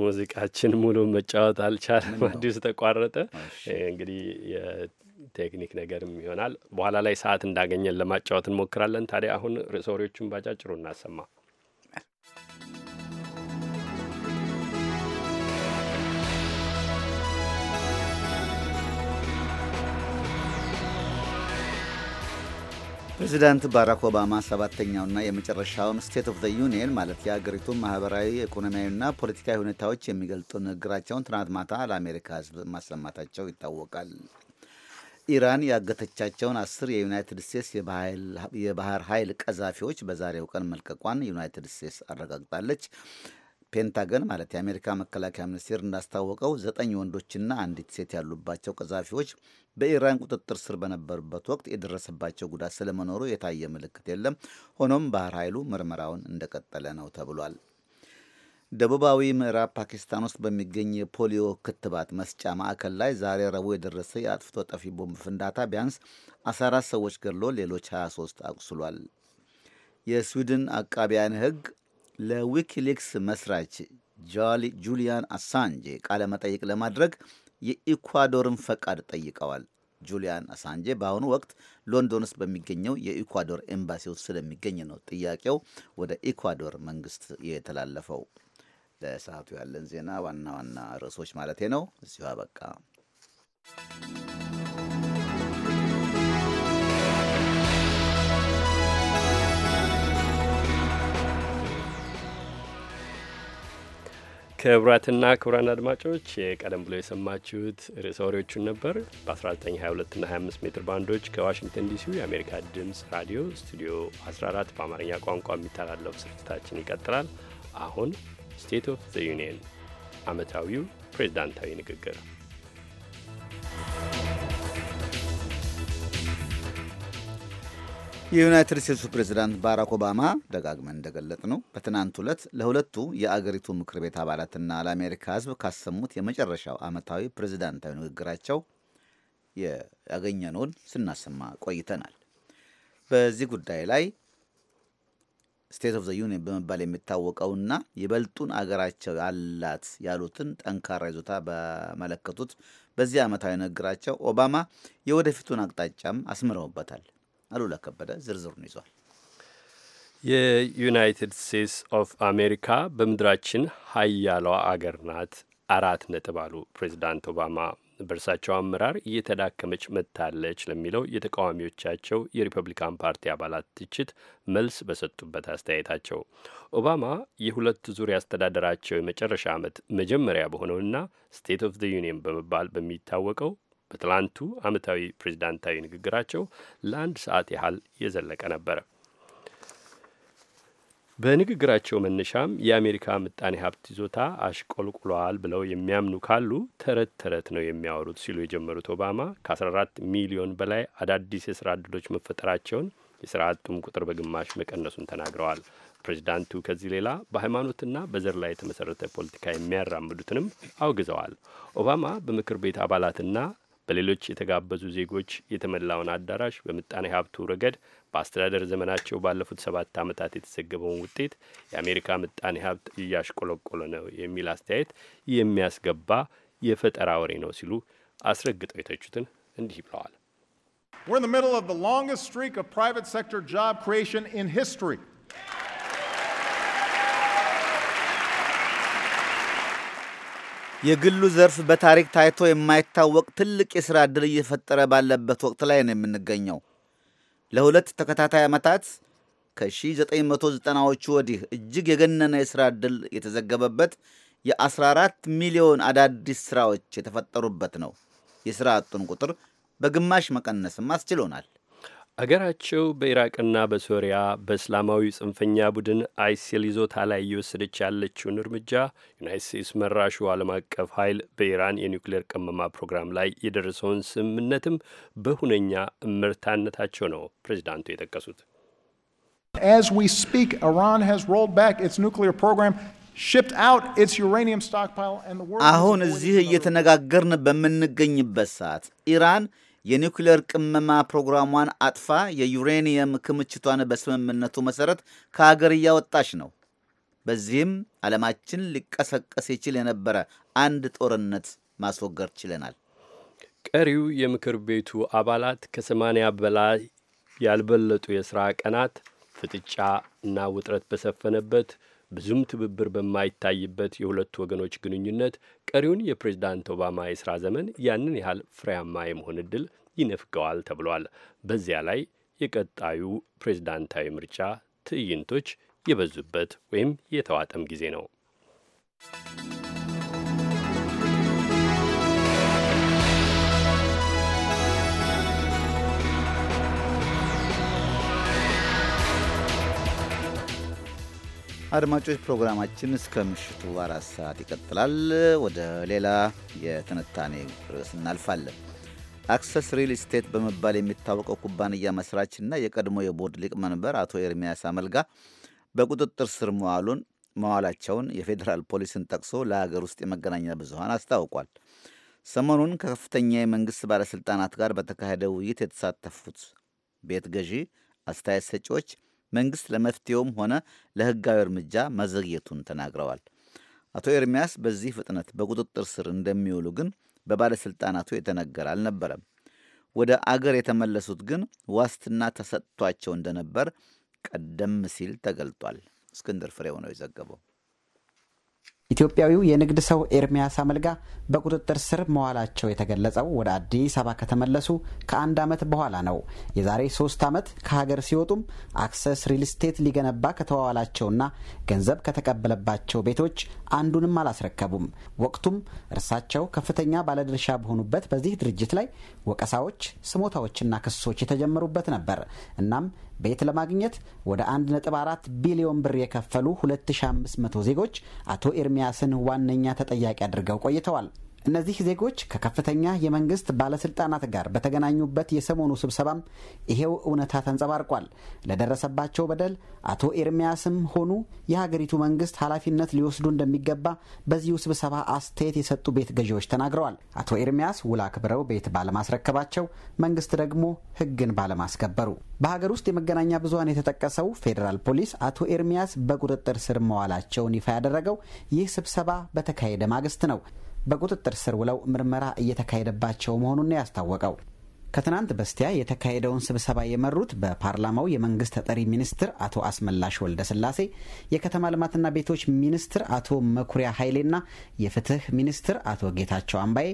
ሙዚቃችን ሙሉ መጫወት አልቻለም። አዲሱ ተቋረጠ። እንግዲህ የቴክኒክ ነገርም ይሆናል። በኋላ ላይ ሰዓት እንዳገኘን ለማጫወት እንሞክራለን። ታዲያ አሁን ርዕሰ ወሬዎቹን ባጫጭሩ እናሰማ። ፕሬዚዳንት ባራክ ኦባማ ሰባተኛውና የመጨረሻውን ስቴት ኦፍ ዘ ዩኒየን ማለት የሀገሪቱን ማህበራዊ ኢኮኖሚያዊና ፖለቲካዊ ሁኔታዎች የሚገልጡ ንግግራቸውን ትናንት ማታ ለአሜሪካ ሕዝብ ማሰማታቸው ይታወቃል። ኢራን ያገተቻቸውን አስር የዩናይትድ ስቴትስ የባህር ኃይል ቀዛፊዎች በዛሬው ቀን መልቀቋን ዩናይትድ ስቴትስ አረጋግጣለች። ፔንታገን ማለት የአሜሪካ መከላከያ ሚኒስቴር እንዳስታወቀው ዘጠኝ ወንዶችና አንዲት ሴት ያሉባቸው ቀዛፊዎች በኢራን ቁጥጥር ስር በነበሩበት ወቅት የደረሰባቸው ጉዳት ስለመኖሩ የታየ ምልክት የለም። ሆኖም ባህር ኃይሉ ምርመራውን እንደቀጠለ ነው ተብሏል። ደቡባዊ ምዕራብ ፓኪስታን ውስጥ በሚገኝ የፖሊዮ ክትባት መስጫ ማዕከል ላይ ዛሬ ረቡዕ የደረሰ የአጥፍቶ ጠፊ ቦምብ ፍንዳታ ቢያንስ 14 ሰዎች ገድሎ ሌሎች 23 አቁስሏል። የስዊድን አቃቢያን ሕግ ለዊኪሊክስ መስራች ጁሊያን አሳንጄ ቃለ መጠይቅ ለማድረግ የኢኳዶርን ፈቃድ ጠይቀዋል። ጁሊያን አሳንጄ በአሁኑ ወቅት ሎንዶን ውስጥ በሚገኘው የኢኳዶር ኤምባሲ ውስጥ ስለሚገኝ ነው ጥያቄው ወደ ኢኳዶር መንግስት የተላለፈው። ለሰዓቱ ያለን ዜና ዋና ዋና ርዕሶች ማለቴ ነው እዚሁ አበቃ። ክቡራትና ክቡራን አድማጮች ቀደም ብሎ የሰማችሁት ርዕሰ ወሬዎቹን ነበር። በ1922 እና 25 ሜትር ባንዶች ከዋሽንግተን ዲሲው የአሜሪካ ድምፅ ራዲዮ ስቱዲዮ 14 በአማርኛ ቋንቋ የሚተላለፍ ስርጭታችን ይቀጥላል። አሁን ስቴት ኦፍ ዘ ዩኒየን ዓመታዊው ፕሬዝዳንታዊ ንግግር የዩናይትድ ስቴትሱ ፕሬዚዳንት ባራክ ኦባማ ደጋግመን እንደገለጥ ነው በትናንት ዕለት ለሁለቱ የአገሪቱ ምክር ቤት አባላትና ለአሜሪካ ሕዝብ ካሰሙት የመጨረሻው ዓመታዊ ፕሬዚዳንታዊ ንግግራቸው ያገኘነውን ስናሰማ ቆይተናል። በዚህ ጉዳይ ላይ ስቴት ኦፍ ዘ ዩኒየን በመባል የሚታወቀውና ይበልጡን አገራቸው ያላት ያሉትን ጠንካራ ይዞታ በመለከቱት በዚህ ዓመታዊ ንግግራቸው ኦባማ የወደፊቱን አቅጣጫም አስምረውበታል። አሉላ ከበደ ዝርዝሩን ይዟል። የዩናይትድ ስቴትስ ኦፍ አሜሪካ በምድራችን ሀያሏ አገር ናት አራት ነጥብ አሉ ፕሬዚዳንት ኦባማ። በእርሳቸው አመራር እየተዳከመች መጥታለች ለሚለው የተቃዋሚዎቻቸው የሪፐብሊካን ፓርቲ አባላት ትችት መልስ በሰጡበት አስተያየታቸው ኦባማ የሁለት ዙር ያስተዳደራቸው የመጨረሻ ዓመት መጀመሪያ በሆነውና ስቴት ኦፍ ዘ ዩኒየን በመባል በሚታወቀው በትላንቱ ዓመታዊ ፕሬዚዳንታዊ ንግግራቸው ለአንድ ሰዓት ያህል የዘለቀ ነበር። በንግግራቸው መነሻም የአሜሪካ ምጣኔ ሀብት ይዞታ አሽቆልቁሏል ብለው የሚያምኑ ካሉ ተረት ተረት ነው የሚያወሩት ሲሉ የጀመሩት ኦባማ ከ14 ሚሊዮን በላይ አዳዲስ የስራ እድሎች መፈጠራቸውን የስራ አጡም ቁጥር በግማሽ መቀነሱን ተናግረዋል። ፕሬዚዳንቱ ከዚህ ሌላ በሃይማኖትና በዘር ላይ የተመሰረተ ፖለቲካ የሚያራምዱትንም አውግዘዋል። ኦባማ በምክር ቤት አባላትና በሌሎች የተጋበዙ ዜጎች የተመላውን አዳራሽ በምጣኔ ሀብቱ ረገድ በአስተዳደር ዘመናቸው ባለፉት ሰባት ዓመታት የተዘገበውን ውጤት የአሜሪካ ምጣኔ ሀብት እያሽቆለቆለ ነው የሚል አስተያየት የሚያስገባ የፈጠራ ወሬ ነው ሲሉ አስረግጠው የተቹትን እንዲህ ብለዋል። We're in the middle of the longest streak of private sector job creation in history. የግሉ ዘርፍ በታሪክ ታይቶ የማይታወቅ ትልቅ የሥራ ዕድል እየፈጠረ ባለበት ወቅት ላይ ነው የምንገኘው። ለሁለት ተከታታይ ዓመታት ከ1990ዎቹ ወዲህ እጅግ የገነነ የሥራ ዕድል የተዘገበበት የ14 ሚሊዮን አዳዲስ ሥራዎች የተፈጠሩበት ነው። የሥራ አጡን ቁጥር በግማሽ መቀነስም አስችሎናል። አገራቸው በኢራቅና በሶሪያ በእስላማዊ ጽንፈኛ ቡድን አይሲል ይዞታ ላይ እየወሰደች ያለችውን እርምጃ ዩናይት ስቴትስ መራሹ ዓለም አቀፍ ኃይል በኢራን የኒውክሌር ቅመማ ፕሮግራም ላይ የደረሰውን ስምምነትም በሁነኛ እምርታነታቸው ነው ፕሬዚዳንቱ የጠቀሱት። As we speak, Iran has rolled back its nuclear program. አሁን እዚህ እየተነጋገርን በምንገኝበት ሰዓት ኢራን የኒውክሌር ቅመማ ፕሮግራሟን አጥፋ የዩሬኒየም ክምችቷን በስምምነቱ መሰረት ከሀገር እያወጣች ነው። በዚህም ዓለማችን ሊቀሰቀስ ይችል የነበረ አንድ ጦርነት ማስወገድ ችለናል። ቀሪው የምክር ቤቱ አባላት ከሰማንያ በላይ ያልበለጡ የሥራ ቀናት ፍጥጫ እና ውጥረት በሰፈነበት ብዙም ትብብር በማይታይበት የሁለቱ ወገኖች ግንኙነት ቀሪውን የፕሬዝዳንት ኦባማ የስራ ዘመን ያንን ያህል ፍሬያማ የመሆን እድል ይነፍገዋል ተብሏል። በዚያ ላይ የቀጣዩ ፕሬዝዳንታዊ ምርጫ ትዕይንቶች የበዙበት ወይም የተዋጠም ጊዜ ነው። አድማጮች ፕሮግራማችን እስከ ምሽቱ አራት ሰዓት ይቀጥላል። ወደ ሌላ የትንታኔ ርዕስ እናልፋለን። አክሰስ ሪል ስቴት በመባል የሚታወቀው ኩባንያ መስራችና የቀድሞ የቦርድ ሊቀመንበር አቶ ኤርሚያስ አመልጋ በቁጥጥር ስር መዋሉን መዋላቸውን የፌዴራል ፖሊስን ጠቅሶ ለሀገር ውስጥ የመገናኛ ብዙሀን አስታውቋል። ሰሞኑን ከከፍተኛ የመንግስት ባለሥልጣናት ጋር በተካሄደ ውይይት የተሳተፉት ቤት ገዢ አስተያየት ሰጪዎች መንግስት ለመፍትሄውም ሆነ ለህጋዊ እርምጃ መዘግየቱን ተናግረዋል። አቶ ኤርሚያስ በዚህ ፍጥነት በቁጥጥር ስር እንደሚውሉ ግን በባለሥልጣናቱ የተነገረ አልነበረም። ወደ አገር የተመለሱት ግን ዋስትና ተሰጥቷቸው እንደነበር ቀደም ሲል ተገልጧል። እስክንድር ፍሬው ነው የዘገበው። ኢትዮጵያዊው የንግድ ሰው ኤርሚያስ አመልጋ በቁጥጥር ስር መዋላቸው የተገለጸው ወደ አዲስ አበባ ከተመለሱ ከአንድ ዓመት በኋላ ነው። የዛሬ ሶስት ዓመት ከሀገር ሲወጡም አክሰስ ሪል ስቴት ሊገነባ ከተዋዋላቸውና ገንዘብ ከተቀበለባቸው ቤቶች አንዱንም አላስረከቡም። ወቅቱም እርሳቸው ከፍተኛ ባለድርሻ በሆኑበት በዚህ ድርጅት ላይ ወቀሳዎች፣ ስሞታዎችና ክሶች የተጀመሩበት ነበር። እናም ቤት ለማግኘት ወደ 1.4 ቢሊዮን ብር የከፈሉ 2500 ዜጎች አቶ ኤርሚያስን ዋነኛ ተጠያቂ አድርገው ቆይተዋል። እነዚህ ዜጎች ከከፍተኛ የመንግስት ባለስልጣናት ጋር በተገናኙበት የሰሞኑ ስብሰባም ይሄው እውነታ ተንጸባርቋል። ለደረሰባቸው በደል አቶ ኤርሚያስም ሆኑ የሀገሪቱ መንግስት ኃላፊነት ሊወስዱ እንደሚገባ በዚሁ ስብሰባ አስተያየት የሰጡ ቤት ገዢዎች ተናግረዋል። አቶ ኤርሚያስ ውል አክብረው ቤት ባለማስረከባቸው፣ መንግስት ደግሞ ህግን ባለማስከበሩ በሀገር ውስጥ የመገናኛ ብዙሀን የተጠቀሰው ፌዴራል ፖሊስ አቶ ኤርሚያስ በቁጥጥር ስር መዋላቸውን ይፋ ያደረገው ይህ ስብሰባ በተካሄደ ማግስት ነው። በቁጥጥር ስር ውለው ምርመራ እየተካሄደባቸው መሆኑን ያስታወቀው። ከትናንት በስቲያ የተካሄደውን ስብሰባ የመሩት በፓርላማው የመንግስት ተጠሪ ሚኒስትር አቶ አስመላሽ ወልደ ስላሴ፣ የከተማ ልማትና ቤቶች ሚኒስትር አቶ መኩሪያ ኃይሌና የፍትህ ሚኒስትር አቶ ጌታቸው አምባዬ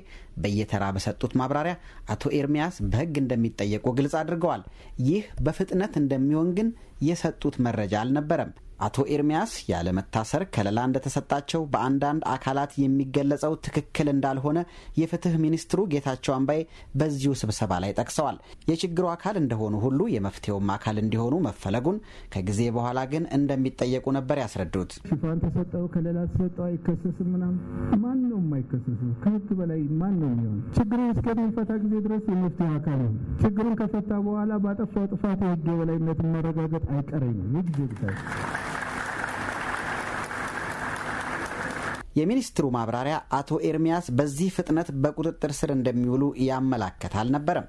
በየተራ በሰጡት ማብራሪያ አቶ ኤርሚያስ በህግ እንደሚጠየቁ ግልጽ አድርገዋል። ይህ በፍጥነት እንደሚሆን ግን የሰጡት መረጃ አልነበረም። አቶ ኤርሚያስ ያለመታሰር ከለላ እንደተሰጣቸው በአንዳንድ አካላት የሚገለጸው ትክክል እንዳልሆነ የፍትህ ሚኒስትሩ ጌታቸው አምባዬ በዚሁ ስብሰባ ላይ ጠቅሰዋል። የችግሩ አካል እንደሆኑ ሁሉ የመፍትሄውም አካል እንዲሆኑ መፈለጉን፣ ከጊዜ በኋላ ግን እንደሚጠየቁ ነበር ያስረዱት። ሽፋን ተሰጠው፣ ከለላ ተሰጠው፣ አይከሰስም ምናምን ማን ነው የማይከሰስ? ከህግ በላይ ማን ነው የሚሆን? ችግሩን እስከሚፈታ ጊዜ ድረስ የመፍትሄው አካል ነው። ችግሩን ከፈታ በኋላ ባጠፋው ጥፋት የህግ የበላይነትን መረጋገጥ አይቀረኝም። የሚኒስትሩ ማብራሪያ አቶ ኤርሚያስ በዚህ ፍጥነት በቁጥጥር ስር እንደሚውሉ ያመላከት አልነበረም።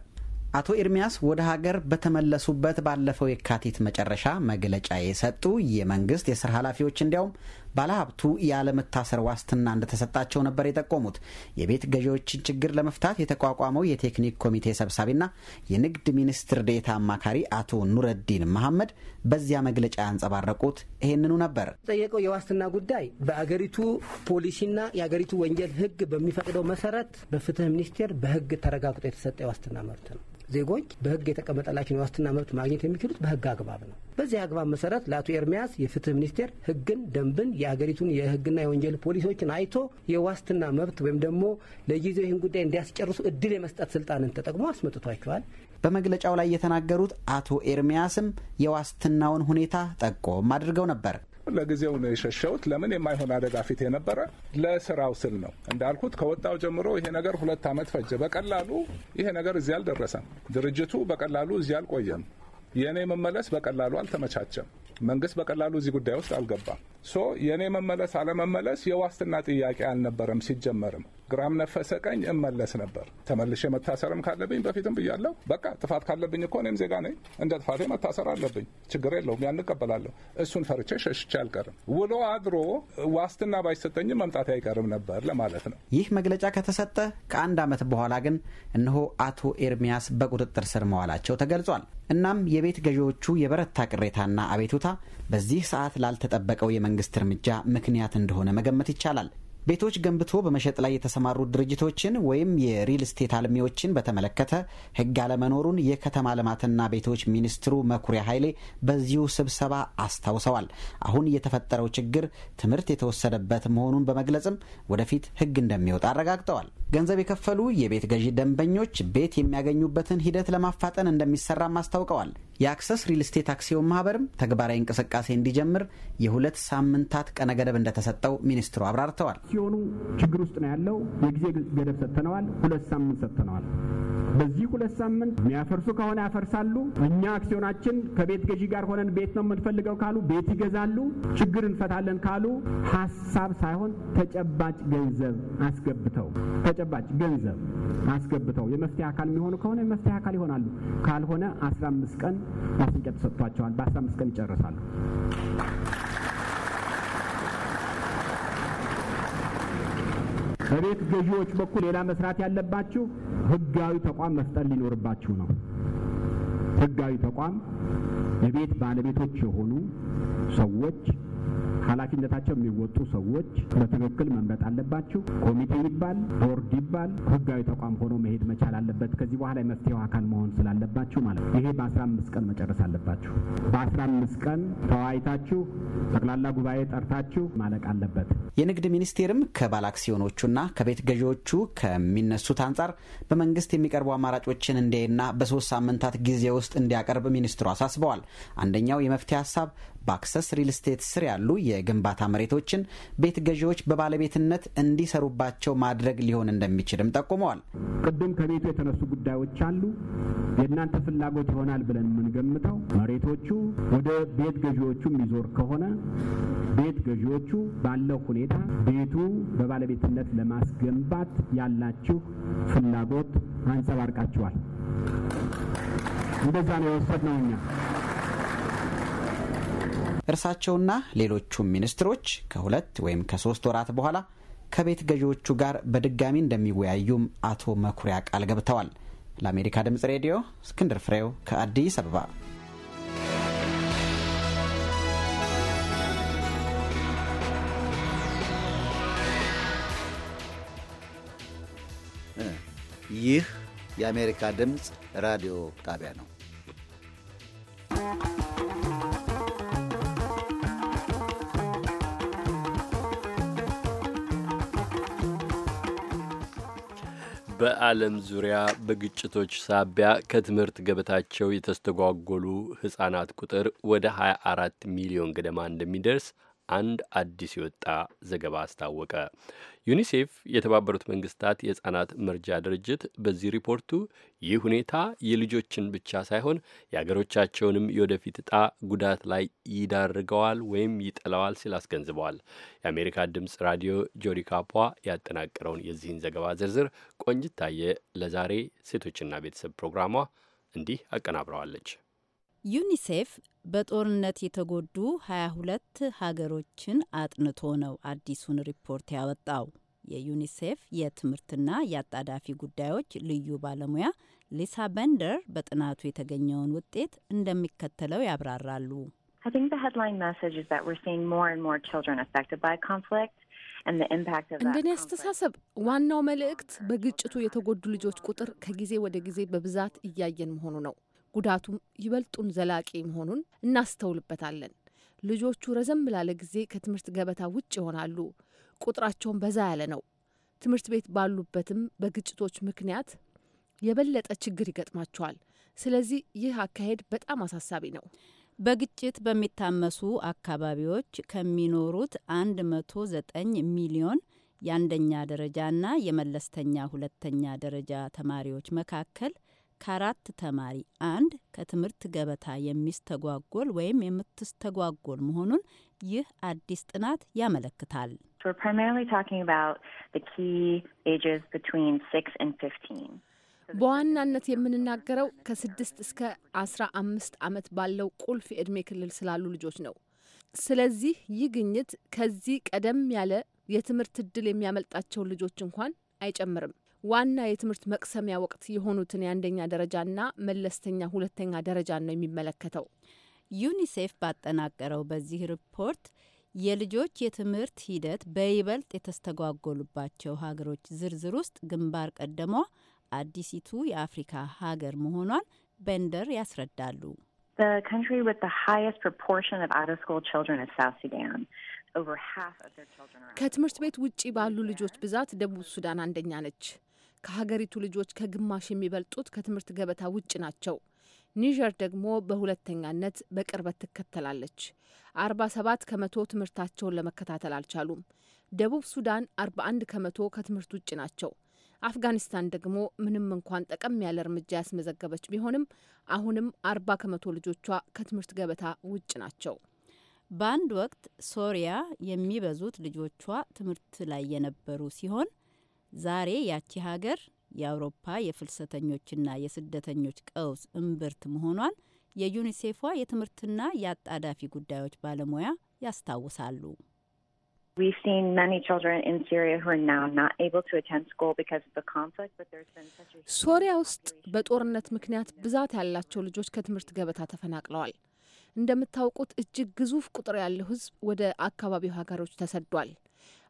አቶ ኤርሚያስ ወደ ሀገር በተመለሱበት ባለፈው የካቲት መጨረሻ መግለጫ የሰጡ የመንግስት የስራ ኃላፊዎች እንዲያውም ባለሀብቱ ያለመታሰር ዋስትና እንደተሰጣቸው ነበር የጠቆሙት። የቤት ገዢዎችን ችግር ለመፍታት የተቋቋመው የቴክኒክ ኮሚቴ ሰብሳቢና የንግድ ሚኒስትር ዴታ አማካሪ አቶ ኑረዲን መሐመድ በዚያ መግለጫ ያንጸባረቁት ይህንኑ ነበር። ጠየቀው የዋስትና ጉዳይ በአገሪቱ ፖሊሲና የአገሪቱ ወንጀል ህግ በሚፈቅደው መሰረት በፍትህ ሚኒስቴር በህግ ተረጋግጦ የተሰጠ የዋስትና መብት ነው። ዜጎች በህግ የተቀመጠላቸውን የዋስትና መብት ማግኘት የሚችሉት በህግ አግባብ ነው። በዚህ አግባብ መሰረት ለአቶ ኤርሚያስ የፍትህ ሚኒስቴር ህግን፣ ደንብን፣ የሀገሪቱን የህግና የወንጀል ፖሊሶችን አይቶ የዋስትና መብት ወይም ደግሞ ለጊዜው ይህን ጉዳይ እንዲያስጨርሱ እድል የመስጠት ስልጣንን ተጠቅሞ አስመጥቷቸዋል። በመግለጫው ላይ የተናገሩት አቶ ኤርሚያስም የዋስትናውን ሁኔታ ጠቆም አድርገው ነበር። ለጊዜው ነው የሸሸሁት። ለምን የማይሆን አደጋ ፊት የነበረ ለስራው ስል ነው እንዳልኩት። ከወጣው ጀምሮ ይሄ ነገር ሁለት ዓመት ፈጀ። በቀላሉ ይሄ ነገር እዚህ አልደረሰም። ድርጅቱ በቀላሉ እዚህ አልቆየም። የእኔ መመለስ በቀላሉ አልተመቻቸም። መንግስት በቀላሉ እዚህ ጉዳይ ውስጥ አልገባም። ሶ የእኔ መመለስ አለመመለስ የዋስትና ጥያቄ አልነበረም ሲጀመርም ግራም ነፈሰ ቀኝ እመለስ ነበር። ተመልሼ መታሰርም ካለብኝ በፊትም ብያለሁ። በቃ ጥፋት ካለብኝ እኮ እኔም ዜጋ ነኝ፣ እንደ ጥፋቴ መታሰር አለብኝ። ችግር የለውም፣ ያን እቀበላለሁ። እሱን ፈርቼ ሸሽቼ አልቀርም። ውሎ አድሮ ዋስትና ባይሰጠኝም መምጣት አይቀርም ነበር ለማለት ነው። ይህ መግለጫ ከተሰጠ ከአንድ ዓመት በኋላ ግን እነሆ አቶ ኤርሚያስ በቁጥጥር ስር መዋላቸው ተገልጿል። እናም የቤት ገዢዎቹ የበረታ ቅሬታና አቤቱታ በዚህ ሰዓት ላልተጠበቀው የመንግስት እርምጃ ምክንያት እንደሆነ መገመት ይቻላል። ቤቶች ገንብቶ በመሸጥ ላይ የተሰማሩ ድርጅቶችን ወይም የሪል ስቴት አልሚዎችን በተመለከተ ሕግ አለመኖሩን የከተማ ልማትና ቤቶች ሚኒስትሩ መኩሪያ ኃይሌ በዚሁ ስብሰባ አስታውሰዋል። አሁን የተፈጠረው ችግር ትምህርት የተወሰደበት መሆኑን በመግለጽም ወደፊት ሕግ እንደሚወጣ አረጋግጠዋል። ገንዘብ የከፈሉ የቤት ገዢ ደንበኞች ቤት የሚያገኙበትን ሂደት ለማፋጠን እንደሚሰራም አስታውቀዋል። የአክሰስ ሪል ስቴት አክሲዮን ማህበርም ተግባራዊ እንቅስቃሴ እንዲጀምር የሁለት ሳምንታት ቀነ ገደብ እንደተሰጠው ሚኒስትሩ አብራርተዋል። ሲሆኑ ችግር ውስጥ ነው ያለው። የጊዜ ገደብ ሰጥተነዋል። ሁለት ሳምንት ሰጥተነዋል። በዚህ ሁለት ሳምንት የሚያፈርሱ ከሆነ ያፈርሳሉ። እኛ አክሲዮናችን ከቤት ገዢ ጋር ሆነን ቤት ነው የምንፈልገው ካሉ ቤት ይገዛሉ። ችግር እንፈታለን ካሉ ሀሳብ ሳይሆን ተጨባጭ ገንዘብ አስገብተው ተጨባጭ ገንዘብ አስገብተው የመፍትሄ አካል የሚሆኑ ከሆነ የመፍትሄ አካል ይሆናሉ። ካልሆነ 15 ቀን ማስጠንቀቂያ ተሰጥቷቸዋል። በ15 ቀን ይጨርሳሉ። በቤት ገዢዎች በኩል ሌላ መስራት ያለባችሁ ህጋዊ ተቋም መፍጠር ሊኖርባችሁ ነው። ህጋዊ ተቋም የቤት ባለቤቶች የሆኑ ሰዎች ኃላፊነታቸው የሚወጡ ሰዎች በትክክል መምረጥ አለባችሁ። ኮሚቴ ይባል ቦርድ ይባል ህጋዊ ተቋም ሆኖ መሄድ መቻል አለበት። ከዚህ በኋላ የመፍትሄው አካል መሆን ስላለባችሁ ማለት ነው። ይሄ በአስራ አምስት ቀን መጨረስ አለባችሁ። በአስራ አምስት ቀን ተወያይታችሁ ጠቅላላ ጉባኤ ጠርታችሁ ማለቅ አለበት። የንግድ ሚኒስቴርም ከባለ አክሲዮኖቹና ከቤት ገዢዎቹ ከሚነሱት አንጻር በመንግስት የሚቀርቡ አማራጮችን እንዲያይና በሶስት ሳምንታት ጊዜ ውስጥ እንዲያቀርብ ሚኒስትሩ አሳስበዋል። አንደኛው የመፍትሄ ሀሳብ በአክሰስ ሪል ስቴት ስር ያሉ የግንባታ መሬቶችን ቤት ገዢዎች በባለቤትነት እንዲሰሩባቸው ማድረግ ሊሆን እንደሚችልም ጠቁመዋል። ቅድም ከቤቱ የተነሱ ጉዳዮች አሉ። የእናንተ ፍላጎት ይሆናል ብለን የምንገምተው መሬቶቹ ወደ ቤት ገዢዎቹ የሚዞር ከሆነ ቤት ገዢዎቹ ባለው ሁኔታ ቤቱ በባለቤትነት ለማስገንባት ያላችሁ ፍላጎት አንጸባርቃችኋል። እንደዛ ነው የወሰድነው እኛ እርሳቸውና ሌሎቹም ሚኒስትሮች ከሁለት ወይም ከሶስት ወራት በኋላ ከቤት ገዢዎቹ ጋር በድጋሚ እንደሚወያዩም አቶ መኩሪያ ቃል ገብተዋል። ለአሜሪካ ድምፅ ሬዲዮ እስክንድር ፍሬው ከአዲስ አበባ። ይህ የአሜሪካ ድምፅ ራዲዮ ጣቢያ ነው። በዓለም ዙሪያ በግጭቶች ሳቢያ ከትምህርት ገበታቸው የተስተጓጎሉ ሕፃናት ቁጥር ወደ 24 ሚሊዮን ገደማ እንደሚደርስ አንድ አዲስ የወጣ ዘገባ አስታወቀ። ዩኒሴፍ የተባበሩት መንግስታት የህጻናት መርጃ ድርጅት በዚህ ሪፖርቱ ይህ ሁኔታ የልጆችን ብቻ ሳይሆን የአገሮቻቸውንም የወደፊት እጣ ጉዳት ላይ ይዳርገዋል ወይም ይጥለዋል ሲል አስገንዝበዋል። የአሜሪካ ድምፅ ራዲዮ ጆዲ ካፖ ያጠናቀረውን የዚህን ዘገባ ዝርዝር ቆንጅታየ ለዛሬ ሴቶችና ቤተሰብ ፕሮግራሟ እንዲህ አቀናብረዋለች። ዩኒሴፍ በጦርነት የተጎዱ 22 ሀገሮችን አጥንቶ ነው አዲሱን ሪፖርት ያወጣው። የዩኒሴፍ የትምህርትና የአጣዳፊ ጉዳዮች ልዩ ባለሙያ ሊሳ በንደር በጥናቱ የተገኘውን ውጤት እንደሚከተለው ያብራራሉ። እንደኔ አስተሳሰብ ዋናው መልእክት በግጭቱ የተጎዱ ልጆች ቁጥር ከጊዜ ወደ ጊዜ በብዛት እያየን መሆኑ ነው። ጉዳቱም ይበልጡን ዘላቂ መሆኑን እናስተውልበታለን። ልጆቹ ረዘም ላለ ጊዜ ከትምህርት ገበታ ውጭ ይሆናሉ። ቁጥራቸውን በዛ ያለ ነው። ትምህርት ቤት ባሉበትም በግጭቶች ምክንያት የበለጠ ችግር ይገጥማቸዋል። ስለዚህ ይህ አካሄድ በጣም አሳሳቢ ነው። በግጭት በሚታመሱ አካባቢዎች ከሚኖሩት 109 ሚሊዮን የአንደኛ ደረጃና የመለስተኛ ሁለተኛ ደረጃ ተማሪዎች መካከል ከአራት ተማሪ አንድ ከትምህርት ገበታ የሚስተጓጎል ወይም የምትስተጓጎል መሆኑን ይህ አዲስ ጥናት ያመለክታል። በዋናነት የምንናገረው ከስድስት እስከ አስራ አምስት ዓመት ባለው ቁልፍ የዕድሜ ክልል ስላሉ ልጆች ነው። ስለዚህ ይህ ግኝት ከዚህ ቀደም ያለ የትምህርት እድል የሚያመልጣቸውን ልጆች እንኳን አይጨምርም። ዋና የትምህርት መቅሰሚያ ወቅት የሆኑትን የአንደኛ ደረጃና መለስተኛ ሁለተኛ ደረጃን ነው የሚመለከተው። ዩኒሴፍ ባጠናቀረው በዚህ ሪፖርት የልጆች የትምህርት ሂደት በይበልጥ የተስተጓጎሉባቸው ሀገሮች ዝርዝር ውስጥ ግንባር ቀደሟ አዲሲቱ የአፍሪካ ሀገር መሆኗን በንደር ያስረዳሉ። ከትምህርት ቤት ውጪ ባሉ ልጆች ብዛት ደቡብ ሱዳን አንደኛ ነች። ከሀገሪቱ ልጆች ከግማሽ የሚበልጡት ከትምህርት ገበታ ውጭ ናቸው። ኒጀር ደግሞ በሁለተኛነት በቅርበት ትከተላለች። 47 ከመቶ ትምህርታቸውን ለመከታተል አልቻሉም። ደቡብ ሱዳን 41 ከመቶ ከትምህርት ውጭ ናቸው። አፍጋኒስታን ደግሞ ምንም እንኳን ጠቀም ያለ እርምጃ ያስመዘገበች ቢሆንም አሁንም 40 ከመቶ ልጆቿ ከትምህርት ገበታ ውጭ ናቸው። በአንድ ወቅት ሶሪያ የሚበዙት ልጆቿ ትምህርት ላይ የነበሩ ሲሆን ዛሬ ያቺ ሀገር የአውሮፓ የፍልሰተኞችና የስደተኞች ቀውስ እምብርት መሆኗን የዩኒሴፏ የትምህርትና የአጣዳፊ ጉዳዮች ባለሙያ ያስታውሳሉ። ሶሪያ ውስጥ በጦርነት ምክንያት ብዛት ያላቸው ልጆች ከትምህርት ገበታ ተፈናቅለዋል። እንደምታውቁት እጅግ ግዙፍ ቁጥር ያለው ሕዝብ ወደ አካባቢው ሀገሮች ተሰዷል።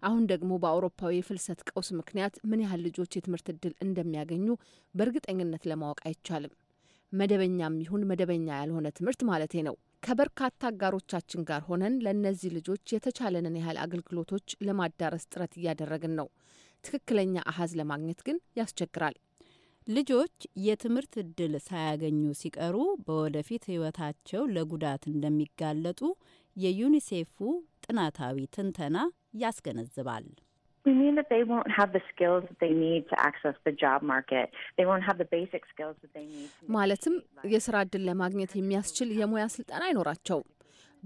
አሁን ደግሞ በአውሮፓዊ የፍልሰት ቀውስ ምክንያት ምን ያህል ልጆች የትምህርት እድል እንደሚያገኙ በእርግጠኝነት ለማወቅ አይቻልም። መደበኛም ይሁን መደበኛ ያልሆነ ትምህርት ማለቴ ነው። ከበርካታ አጋሮቻችን ጋር ሆነን ለእነዚህ ልጆች የተቻለንን ያህል አገልግሎቶች ለማዳረስ ጥረት እያደረግን ነው። ትክክለኛ አሀዝ ለማግኘት ግን ያስቸግራል። ልጆች የትምህርት እድል ሳያገኙ ሲቀሩ በወደፊት ሕይወታቸው ለጉዳት እንደሚጋለጡ የዩኒሴፉ ጥናታዊ ትንተና ያስገነዝባል። ማለትም የስራ እድል ለማግኘት የሚያስችል የሙያ ስልጠና አይኖራቸውም።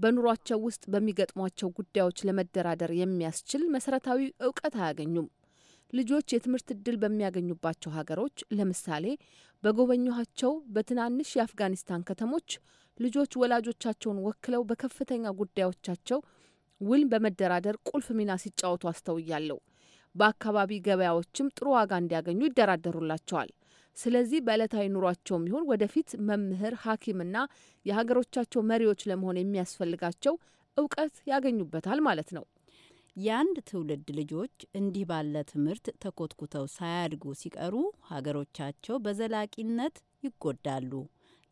በኑሯቸው ውስጥ በሚገጥሟቸው ጉዳዮች ለመደራደር የሚያስችል መሰረታዊ እውቀት አያገኙም። ልጆች የትምህርት እድል በሚያገኙባቸው ሀገሮች ለምሳሌ በጎበኘኋቸው በትናንሽ የአፍጋኒስታን ከተሞች ልጆች ወላጆቻቸውን ወክለው በከፍተኛ ጉዳዮቻቸው ውል በመደራደር ቁልፍ ሚና ሲጫወቱ አስተውያለሁ። በአካባቢ ገበያዎችም ጥሩ ዋጋ እንዲያገኙ ይደራደሩላቸዋል። ስለዚህ በዕለታዊ ኑሯቸውም ይሁን ወደፊት መምህር፣ ሐኪምና የሀገሮቻቸው መሪዎች ለመሆን የሚያስፈልጋቸው እውቀት ያገኙበታል ማለት ነው። የአንድ ትውልድ ልጆች እንዲህ ባለ ትምህርት ተኮትኩተው ሳያድጉ ሲቀሩ ሀገሮቻቸው በዘላቂነት ይጎዳሉ።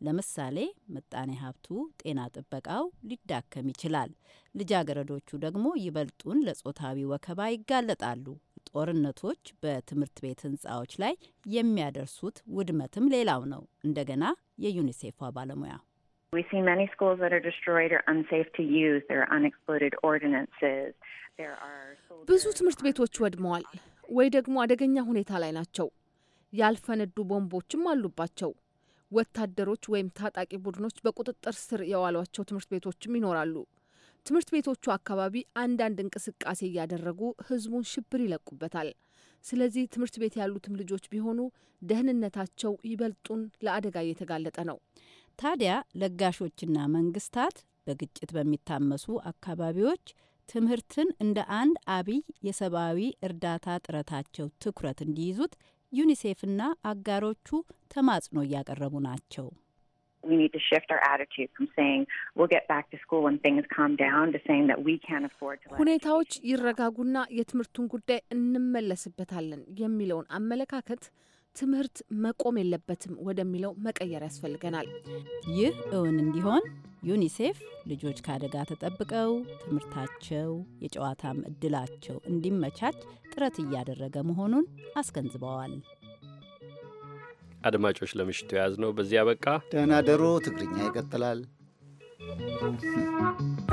ለምሳሌ ምጣኔ ሀብቱ፣ ጤና ጥበቃው ሊዳከም ይችላል። ልጃገረዶቹ ደግሞ ይበልጡን ለጾታዊ ወከባ ይጋለጣሉ። ጦርነቶች በትምህርት ቤት ህንፃዎች ላይ የሚያደርሱት ውድመትም ሌላው ነው። እንደገና የዩኒሴፏ ባለሙያ ብዙ ትምህርት ቤቶች ወድመዋል ወይ ደግሞ አደገኛ ሁኔታ ላይ ናቸው። ያልፈነዱ ቦምቦችም አሉባቸው። ወታደሮች ወይም ታጣቂ ቡድኖች በቁጥጥር ስር የዋሏቸው ትምህርት ቤቶችም ይኖራሉ። ትምህርት ቤቶቹ አካባቢ አንዳንድ እንቅስቃሴ እያደረጉ ህዝቡን ሽብር ይለቁበታል። ስለዚህ ትምህርት ቤት ያሉትም ልጆች ቢሆኑ ደህንነታቸው ይበልጡን ለአደጋ እየተጋለጠ ነው። ታዲያ ለጋሾችና መንግስታት በግጭት በሚታመሱ አካባቢዎች ትምህርትን እንደ አንድ አብይ የሰብአዊ እርዳታ ጥረታቸው ትኩረት እንዲይዙት ዩኒሴፍና አጋሮቹ ተማጽኖ እያቀረቡ ናቸው። ሁኔታዎች ይረጋጉና የትምህርቱን ጉዳይ እንመለስበታለን የሚለውን አመለካከት ትምህርት መቆም የለበትም ወደሚለው መቀየር ያስፈልገናል። ይህ እውን እንዲሆን ዩኒሴፍ ልጆች ከአደጋ ተጠብቀው ትምህርታቸው፣ የጨዋታም እድላቸው እንዲመቻች ጥረት እያደረገ መሆኑን አስገንዝበዋል። አድማጮች፣ ለምሽቱ ያዝ ነው በዚያ በቃ። ደህና ደሩ። ትግርኛ ይቀጥላል።